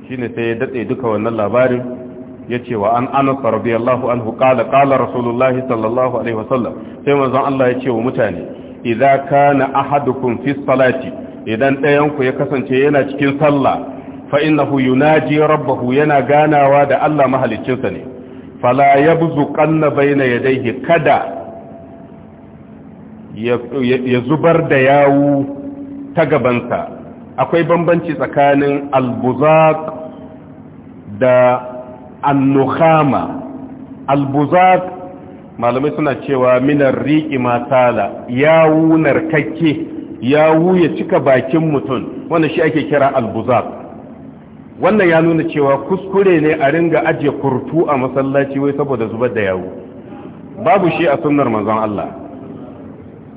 shine sai ya dade duka wannan labarin yace wa an anas radiyallahu anhu qala qala rasulullahi sallallahu alaihi wasallam sai manzon Allah yace wa mutane idza kana ahadukum fi salati idan ɗayanku ku ya kasance yana cikin sallah fa innahu yunaji rabbahu yana ganawa da Allah mahaliccinsa ne fala ya bayna yadayhi kada ya zubar da yawu ta gabansa akwai bambanci tsakanin albuzaq da annukhama albuzak malamai suna cewa minar riqi matala yawu wunar yawu ya cika bakin mutum wannan shi ake kira albuzak wannan ya nuna cewa kuskure ne a ringa aje kurtu a masallaci wai saboda zubar da yawo babu shi a sunnar manzon Allah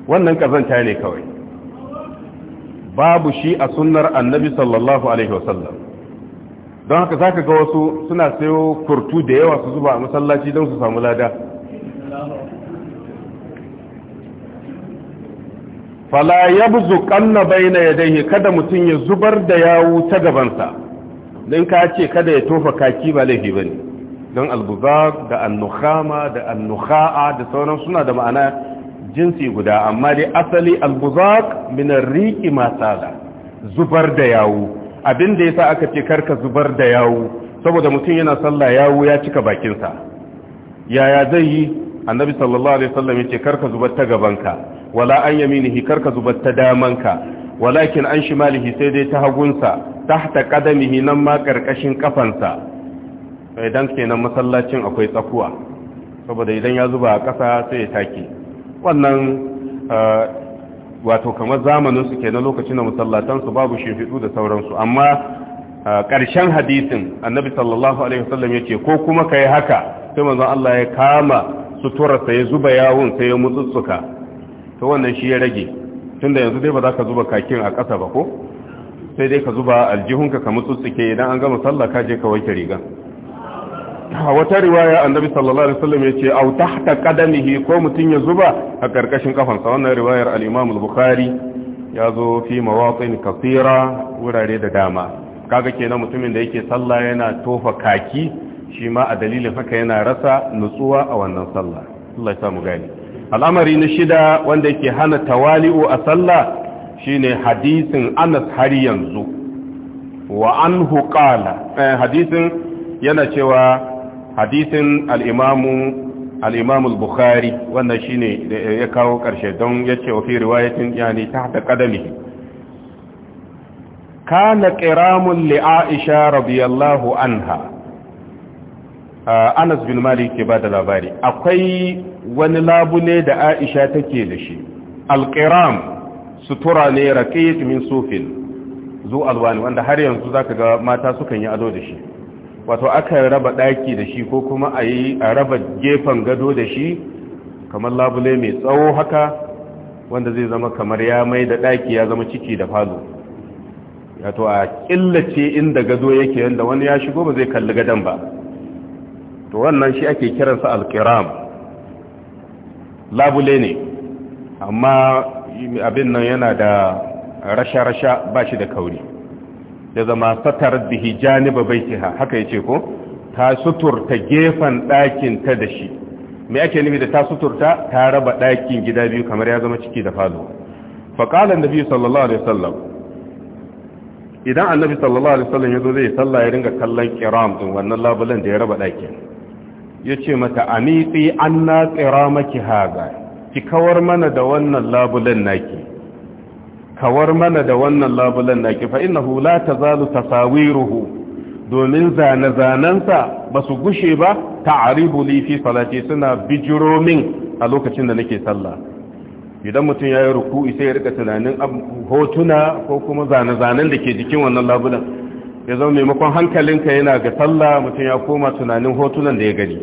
wannan kazanta ne kawai babu shi a sunnar annabi sallallahu alaihi wasallam don haka zaka ga wasu suna sayo kurtu da yawa su zuba a masallaci don su samu lada fala yabzu kanna baina ya yadayhi kada mutum ya zubar da yawu ta gabansa don ka ce kada ya tofa kaki ba laifi bane don albuzar da annukhama da annukha'a da sauran suna da ma'ana jinsi guda amma dai asali albuzar min riqi masala zubar da yawu abin da ya sa aka ce karka zubar da yawo saboda mutum yana sallah yawo ya cika bakinsa yaya zai yi annabi sallallahu alaihi wasallam yace karka zubar ta gabanka wala an yaminihi karka zubar ta damanka walakin an shimalihi sai dai ta hagunsa tahta qadamihi nan ma karkashin kafansa idan kenan masallacin akwai tsakuwa saboda idan ya zuba a ƙasa sai ya take wannan eh, wato kamar zamanin su na lokacin na musallatan su babu shefidu da sauransu amma ƙarshen hadisin annabi sallallahu alaihi wasallam yace ko kuma kai haka sai mazan Allah ya kama sa ya zuba yawon sai ya mutsutsuka to wannan shi ya rage tunda yanzu dai ba za ka zuba kakin a ƙasa ba ko sai dai ka zuba aljihunka ka mutsutsuke idan an gama sallah ka je ka wanke riga wata riwaya annabi sallallahu alaihi wasallam yace au tahta qadamihi ko mutun ya zuba a karkashin kafansa wannan riwayar al-Imam al-Bukhari ya zo fi mawaqin kaseera wurare da dama kaga kenan mutumin da yake sallah yana tofa kaki shi ma a dalilin haka yana rasa nutsuwa a wannan salla Allah ya samu gani al'amari na shida wanda yake hana tawali'u a sallah shine hadisin Anas har yanzu wa anhu qala eh, hadisin yana cewa hadisin al'imamu al'imamu bukhari wannan shi ne ya kawo ƙarshe don ya ce wa fi riwayatin yani ta haɗa ƙadami kana ƙiramun li'aisha rabiyallahu anha anas bin malik ke ba da labari akwai wani labule da aisha take da shi alƙiram sutura ne raƙi sufin zu alwani wanda har yanzu za ka ga mata sukan yi ado da shi wato aka raba daki da shi ko kuma a yi a raba gefen gado da shi kamar labule mai tsawo haka wanda zai zama kamar ya mai da ɗaki ya zama ciki da falo wato a killace inda gado yake yadda wani ya shigo ba zai kalli gadon ba to wannan shi ake kiransa alkiram labule ne amma abin nan yana da rasha-rasha ba shi da kauri ya zama satar bihi janiba baitiha haka yace ko ta suturta gefen ɗakin ta da shi me ake nufi da ta suturta ta raba ɗakin gida biyu kamar ya zama ciki da falo fa qala annabi sallallahu alaihi wasallam idan annabi sallallahu alaihi wasallam yazo zai salla ya ringa kallon kiram din wannan labulan da ya raba ɗakin yace mata an na anna maki haga ki kawar mana da wannan labulan naki kawar mana da wannan labulan naki fa innahu la tazalu tasawiruhu domin zane-zanensa ba su gushe ba ta'aribu li fi salati suna bijiro min a lokacin da nake sallah idan mutum ya yi ruku'i sai ya rika tunanin hotuna ko kuma zane-zanen da ke jikin wannan labulan ya zama maimakon hankalinka yana ga sallah mutum ya koma tunanin hotunan da ya gani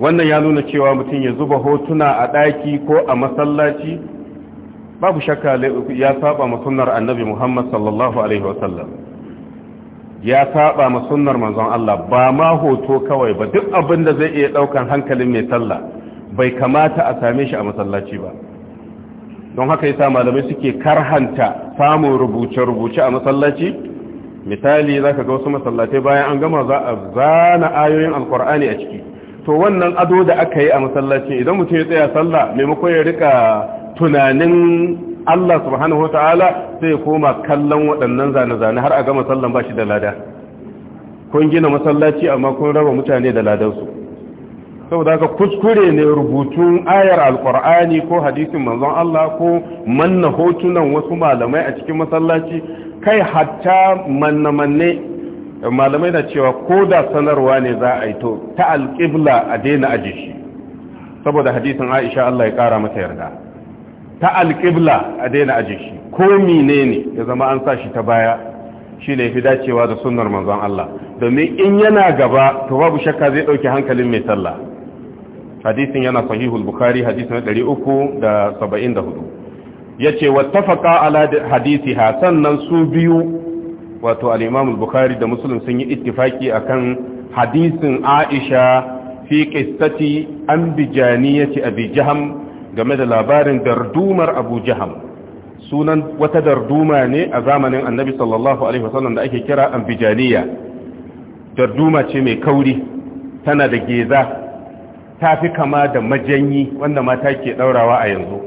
wannan ya nuna cewa mutum ya zuba hotuna a ɗaki ko a masallaci babu shakka ya saba ma sunnar annabi Muhammad sallallahu alaihi wasallam ya saba ma sunnar manzon Allah ba ma hoto kawai ba duk abin da zai iya daukan hankalin mai sallah bai kamata a same shi a masallaci ba don haka yasa malamai suke karhanta samun rubuce-rubuce a masallaci misali zaka ga wasu masallatai bayan an gama za a zana ayoyin alkur'ani a ciki to wannan ado da aka yi a masallaci idan mutum ya tsaya sallah maimakon ya rika tunanin Allah subhanahu wa ta'ala sai koma kallon waɗannan zane-zane har a gama sallan ba shi da lada kun gina masallaci amma kun raba mutane da ladansu saboda haka kuskure ne rubutun ayar alkur'ani ko hadisin manzon Allah ko manna hotunan wasu malamai a cikin masallaci kai hatta manna manne malamai na cewa ko da sanarwa ne za a yi to ta alƙibla a daina aji shi saboda hadisin aisha Allah ya ƙara mata yarda ta alƙibla a daina aje shi ko mine ne ya zama an sa shi ta baya shi ne fi dacewa da sunnar manzon Allah domin in yana gaba to babu shakka zai ɗauki hankalin mai sallah hadisin yana sahihul bukhari hadisin 374 ya ce wattafaka ala hadisi ha sannan su biyu wato al'imam bukhari da musulun sun yi ittifaki akan hadisin aisha fi ƙistati an bijani ya abi jaham game da labarin dardumar abu jaham sunan wata darduma ne a zamanin annabi sallallahu alaihi wasallam da ake kira ambijaniya darduma ce mai kauri tana da geza ta fi kama da majanyi wanda mata ke daurawa a yanzu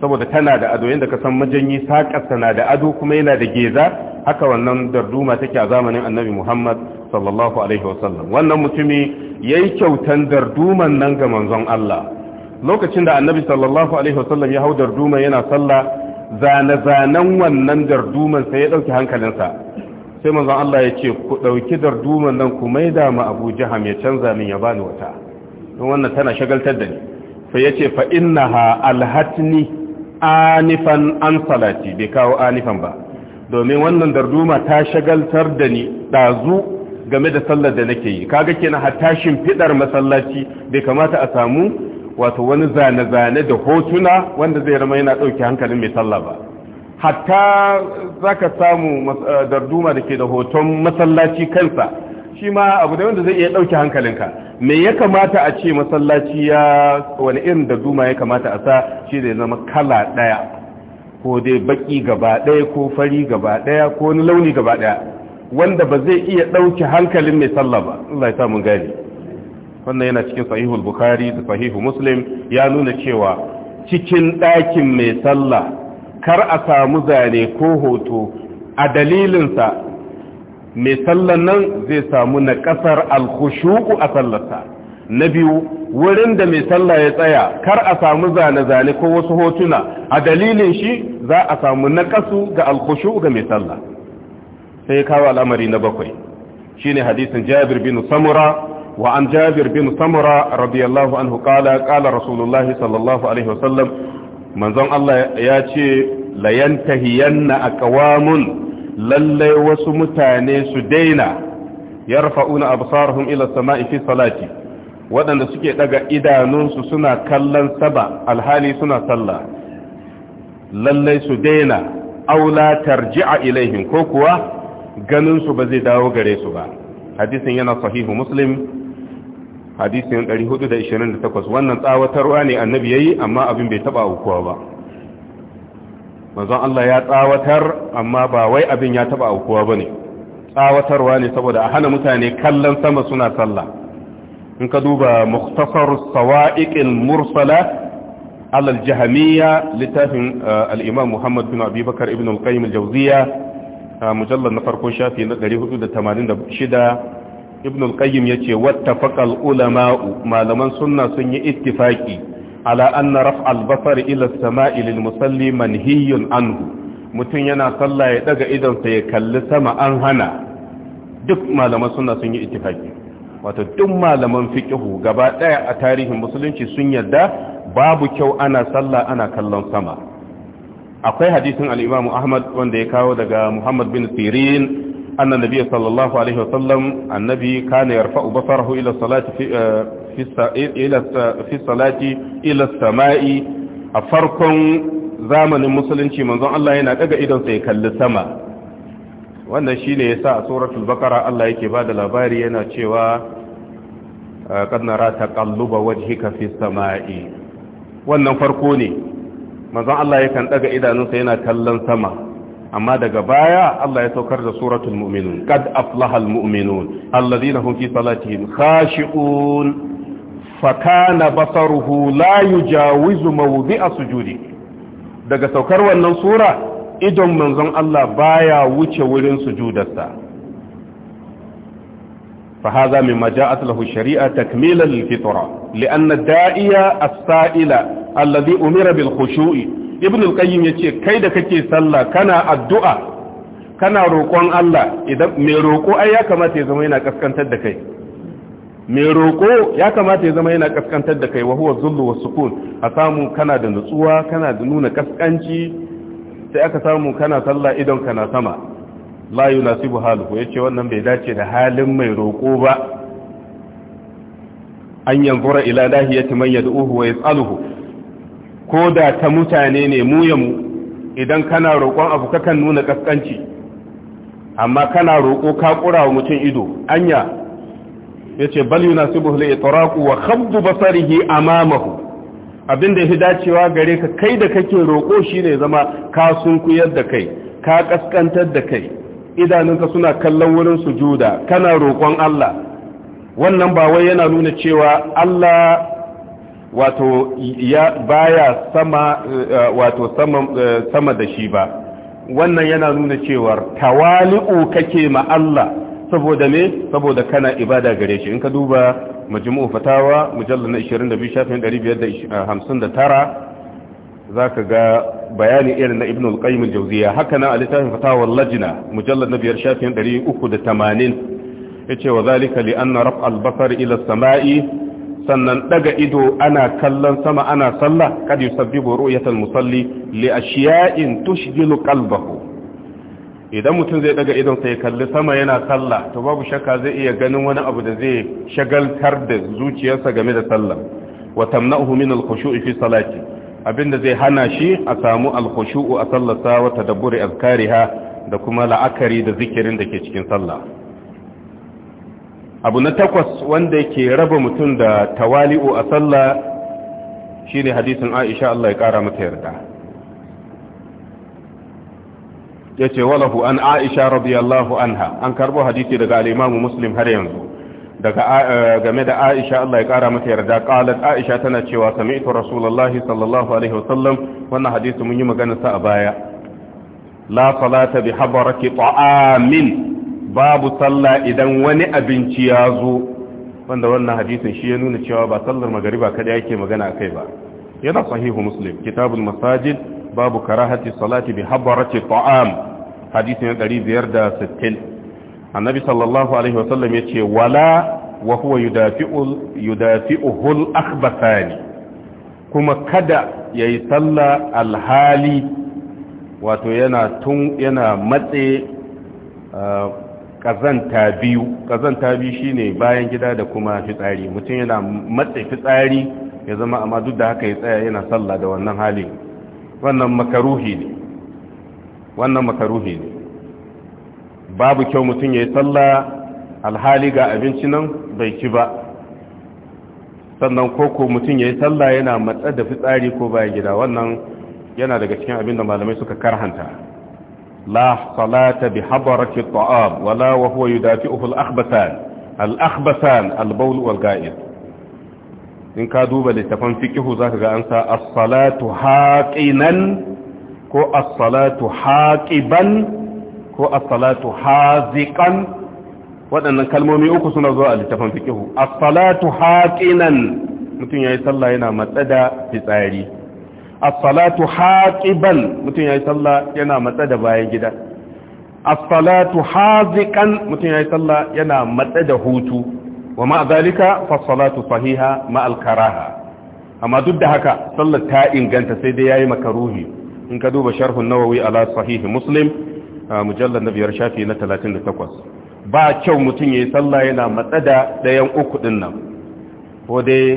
saboda tana da ado yadda ka san majanyi saƙarsa na da ado kuma yana da geza haka wannan darduma take a zamanin annabi muhammad sallallahu alaihi wasallam wannan mutumi ya yi kyautan darduman nan ga manzon allah lokacin da annabi sallallahu alaihi wasallam ya hau darduma yana salla zane-zanen wannan darduman sai ya ɗauki hankalinsa sai manzon Allah ya ce ku ɗauki darduman nan ku maida ma abu jaham ya canza min ya bani wata don wannan tana shagaltar da ni sai ya fa innaha alhatni anifan an salati bai kawo anifan ba domin wannan darduma ta shagaltar da ni ɗazu game da sallar da nake yi kaga kenan hatta fidar masallaci bai kamata a samu wato wani zane-zane da hotuna wanda zai rama yana ɗauki hankalin mai sallah ba hatta za ka samu uh, darduma da ke da hoton masallaci kansa shi ma abu da wanda zai iya ɗauki hankalinka me ya kamata a ce masallaci ya wani irin darduma ya kamata a sa shi zai zama kala ɗaya ko dai baƙi gaba ɗaya ko fari gaba ɗaya ko wani launi gaba ɗaya wanda ba zai iya ɗauki hankalin mai sallah ba Allah ya samu gani wannan yana cikin sahihul bukhari da sahihu muslim ya nuna cewa cikin ɗakin mai sallah kar a samu zane ko hoto a dalilinsa mai sallan nan zai samu na ƙasar alkushuku a sallarsa na biyu wurin da mai sallah ya tsaya kar a samu zane-zane ko wasu hotuna a dalilin shi za a samu na ƙasu ga alkushuku ga mai sallah sai kawo al'amari na bakwai shine hadisin jabir bin samura وعن جابر بن سمرة رضي الله عنه قال قال رسول الله صلى الله عليه وسلم من mutane الله ياتي لينتهين أقوام للي وسمتاني سدينا يرفعون أبصارهم إلى السماء في صلاتي waɗanda suke ɗaga idanunsu suna kallon saba alhali suna sallah lallai su daina aula tarji'a ilaihim ko kuwa ganinsu ba zai dawo gare su ba hadisin yana sahihu muslim hadisin 428 wannan tsawatarwa ne annabi yi amma abin bai taba aukuwa ba manzon Allah ya tsawatar amma ba wai abin ya taba aukuwa ba ne tsawatarwa ne saboda a hana mutane kallon sama suna sallah in ka duba mukhtasar sawa'iqil mursala alal al-jahmiyya littafin eh, al-imam Muhammad bin Abi Bakar ibn al-Qayyim al-Jawziyya eh, mujallad na farko shafi na 486 ibn al-qayyim yace wattafaqal ulama'u malaman sunna sun yi ittifaki ala anna raf'al basar ila as-sama'i lil musalli manhiyun anhu mutun yana sallah ya daga idan sa ya kalli sama an hana duk malaman sunna sun yi ittifaki wato duk malaman fiqhu gaba daya a tarihin musulunci sun yarda babu kyau ana sallah ana kallon sama akwai hadisin al-imam ahmad wanda ya kawo daga muhammad bin sirin أن النبي صلى الله عليه وسلم النبي كان يرفع بصره إلى الصلاة في, في, إلى في الصلاة إلى السماء أفرق زمن المسلمين منذ الله ينادى إذا سيكل سما wannan shi ne ya sa a tsoratul bakara Allah yake ba da labari yana cewa ƙannara ta ƙalluba wajhika fi sama'i wannan farko ne manzon Allah yakan ɗaga idanunsa yana kallon sama amma daga baya Allah ya saukar da suratul mu'minun qad aflaha al mu'minun alladhina hum fi salatihim khashi'un fa kana basaruhu la yujawizu mawdi'a sujudi daga saukar wannan sura idon manzon Allah baya wuce wurin sujudarsa fa hadha mimma ja'at lahu shari'a takmilan lil fitra li'anna da'iya as-sa'ila umira bil khushu'i ibn al-qayyim yace kai da kake sallah kana addu'a kana roƙon Allah idan mai roƙo ai ya kamata ya zama yana kaskantar da kai mai roƙo ya kamata ya zama yana kaskantar da kai wa huwa zullu wa sukun a samu kana da nutsuwa kana da nuna kaskanci sai aka samu kana sallah idan kana sama la yunasibu haluhu yace wannan bai dace da halin mai roƙo ba an yanzura ila lahiyati man yad'uhu wa yas'aluhu ko da ta mutane ne mu ya idan kana roƙon abu kakan nuna ƙasƙanci amma kana roƙo ka ƙura wa mutum ido anya yace bal yunasibuhu li itraqu wa khabdu basarihi amamahu abinda yafi dacewa gare ka kai da kake roƙo shine zama ka sunkuyar da kai ka ƙasƙantar da kai idanunka suna kallon wurin sujuda kana roƙon Allah wannan ba wai yana nuna cewa Allah wato ya baya sama eh, wato sama eh, sama da shi ba wannan yana nuna cewar tawali'u kake ma Allah saboda me saboda kana ibada gare shi in ka duba majmu'u fatawa mujallal na 22 shafin 559 eh, zaka ga bayani irin na Ibnu al-qayyim al-jawziya haka na al-litafin fatawa lajna mujallal na 5 shafin 380 yace wa zalika li anna raf'al basar ila as-sama'i sannan daga ido ana kallon sama ana sallah kad yusabbibu ru'yatal musalli li ashiya'in tushghilu qalbahu idan mutum zai daga idon sai kalli sama yana sallah to babu shakka zai iya ganin wani abu da zai shagaltar da zuciyarsa game da sallah wa tamna'uhu min al-khushu'i fi salati abinda zai hana shi a samu al-khushu'u a sallarsa wa tadabburi azkariha da kuma la'akari da zikirin da ke cikin sallah abu na takwas wanda ke raba mutum da tawali'u a sallah shine hadisin Aisha Allah ya ƙara mata yarda yace walahu an Aisha radiyallahu anha an karbo hadisi daga al Muslim har yanzu daga eh, game da Aisha Allah ya ƙara mata yarda qalat Aisha tana cewa sami sami'tu Rasulullahi sallallahu alaihi wasallam wannan hadisi mun yi magana sa a baya la salata bi habaraki ta'amin babu sallah idan wani abinci ya zo wanda wannan hadisin shi ya nuna cewa ba sallar magariba kada yake magana kai ba yana sahihu muslim kitabul masajid babu karahati salati bi habarati ta'am hadisin sittin annabi sallallahu alaihi wasallam yace wala wa huwa yudafi'u yudafi'uhu akhbathani kuma kada yayi sallah alhali wato yana tun yana matse ah, kazanta biyu kazanta biyu shine bayan gida da kuma fitsari mutum yana matse fitsari ya zama amma duk da haka ya tsaya yana sallah da wannan hali wannan makaruhi ne wannan makaruhi ne babu kyau mutum ya yi sallah alhali ga abinci nan bai ci ba sannan koko mutum ya yi sallah yana matsar da fitsari ko bayan gida wannan yana daga cikin abin da malamai suka karhanta لا صلاة بحضرة الطعام ولا وهو يدافئه الأخبثان الأخبثان البول والقائد إن كادوب لتفن فكه ذاك أنسى الصلاة حاقنا كو الصلاة حاقبا كو الصلاة حازقا وأن kalmomi uku suna zuwa a littafin fikihu as-salatu haqinan mutum yayi sallah yana matsa as-salatu haqiban mutum yayi sallah yana matsa da bayan gida as-salatu haziqan mutum yayi sallah yana matsa da hutu wa ma zalika fa-salatu sahiha ma al-karaha amma duk da haka sallar ta inganta sai dai yayi makaruhi in ka duba sharhun nawawi ala sahih muslim mujallad na biyar shafi na 38 ba kyau mutum ya yi sallah yana matsa da ɗayan uku ɗin nan ko dai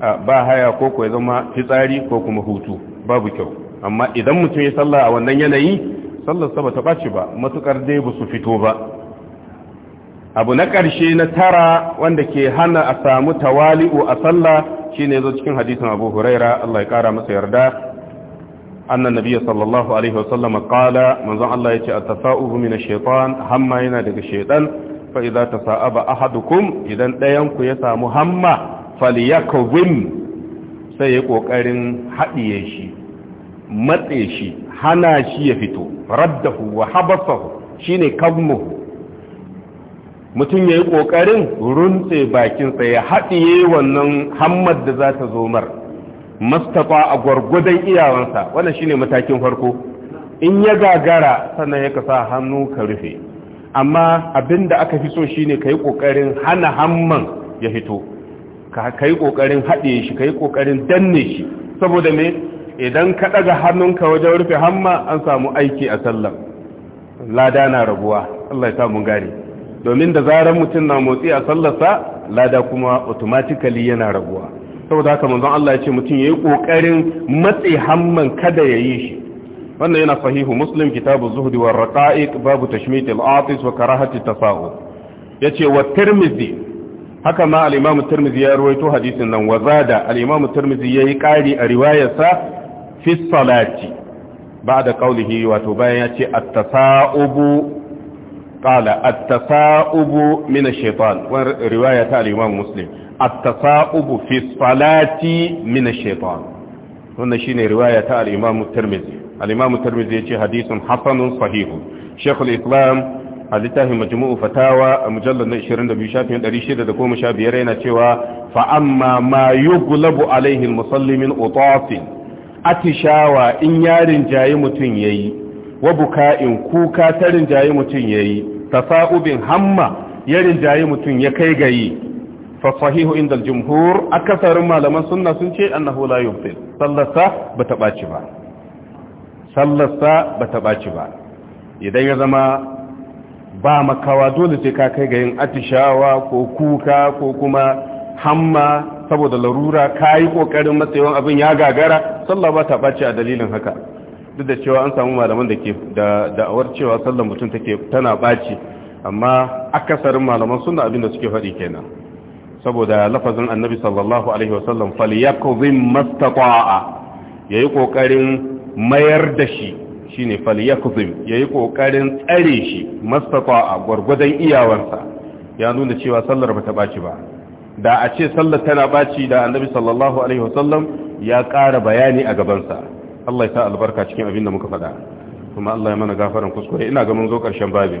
ba haya ko ko ya zama fitsari ko kuma hutu babu kyau amma idan mutum ya sallah a wannan yanayi sallar sa bata baci ba matukar dai ba su fito ba abu na ƙarshe na tara wanda ke hana a samu tawali'u a sallah shine zo cikin hadisin Abu Huraira Allah ya kara masa yarda أن النبي صلى الله عليه وسلم قال من ظن الله يتي التفاؤه من الشيطان هما ينادك الشيطان فإذا تساءب idan إذا لا ينكو يسام hamma. falyakzim sai ya kokarin haɗiye shi matse shi hana shi ya fito raddahu wa habasahu shine kammu mutum yayi yi ƙoƙarin runtse bakinsa ya haɗiye wannan hammad da za ta zo mar mastafa a gwargwadon iyawansa wannan shine matakin farko in ya gagara sannan ya kasa hannu ka rufe amma abin da aka fi so shine ka yi ƙoƙarin hana hamman ya fito ka yi ƙoƙarin haɗe shi ka yi ƙoƙarin danne shi saboda me idan ka ɗaga hannunka wajen rufe hamma an samu aiki a sallan lada na rabuwa Allah ya samu gari domin da zarar mutum na motsi a sallarsa lada kuma automatically yana rabuwa saboda haka manzon Allah ya ce mutum yayi ƙoƙarin matsi hamman kada ya yi shi wannan yana sahihu muslim kitabu zuhdi war raqa'iq babu tashmit al-atis wa karahati tasa'u yace wa tirmidhi haka ma al turmizi ya ruwaito hadisin nan wa zada al-imam tirmidhi yayi kari a riwayarsa fi salati ba'da qawlihi wato bayan ya ce at-tasa'ubu qala at-tasa'ubu min ash-shaytan wa riwaya ta al-imam muslim at-tasa'ubu fi salati mina ash-shaytan shi ne riwaya ta al turmizi tirmidhi turmizi ya ce hadisin hasanun sahih shaykh islam a littafin majmu'u fatawa a mujallar na 22 shafin 615 yana cewa fa amma ma yughlabu alaihi almusallimin utafin atishawa in yarin jayi mutun yayi wa buka'in kuka tarin jayi mutun yayi tasa'ubin hamma yarin jayi mutun ya kai gayi fa sahihu inda aljumhur akasarin malaman sunna sun ce annahu la yubtil sallasa bata baci ba sallasa bata baci ba idan ya zama ba makawa dole sai ka kai ga yin atishawa ko kuka ko kuma hamma saboda larura ka yi ƙoƙarin matsayin abin ya gagara sallah ba ta ɓace a dalilin haka duk da cewa an samu malaman da ke da da'awar cewa sallah mutum take tana ɓaci amma akasarin malaman suna abin da suke faɗi kenan saboda lafazin annabi sallallahu alaihi wa wasallam falyakuzim mastata'a yayi ƙoƙarin mayar da shi shine ya yi ƙoƙarin tsare shi mastata a gwargwadon iyawarsa ya nuna cewa sallar bata baci ba da a ce sallar tana ɓaci da annabi sallallahu alaihi wasallam ya ƙara bayani a gabansa Allah ya sa albarka cikin abin da muka faɗa kuma Allah ya mana gafaran kuskure ina ga mun zo ƙarshen babin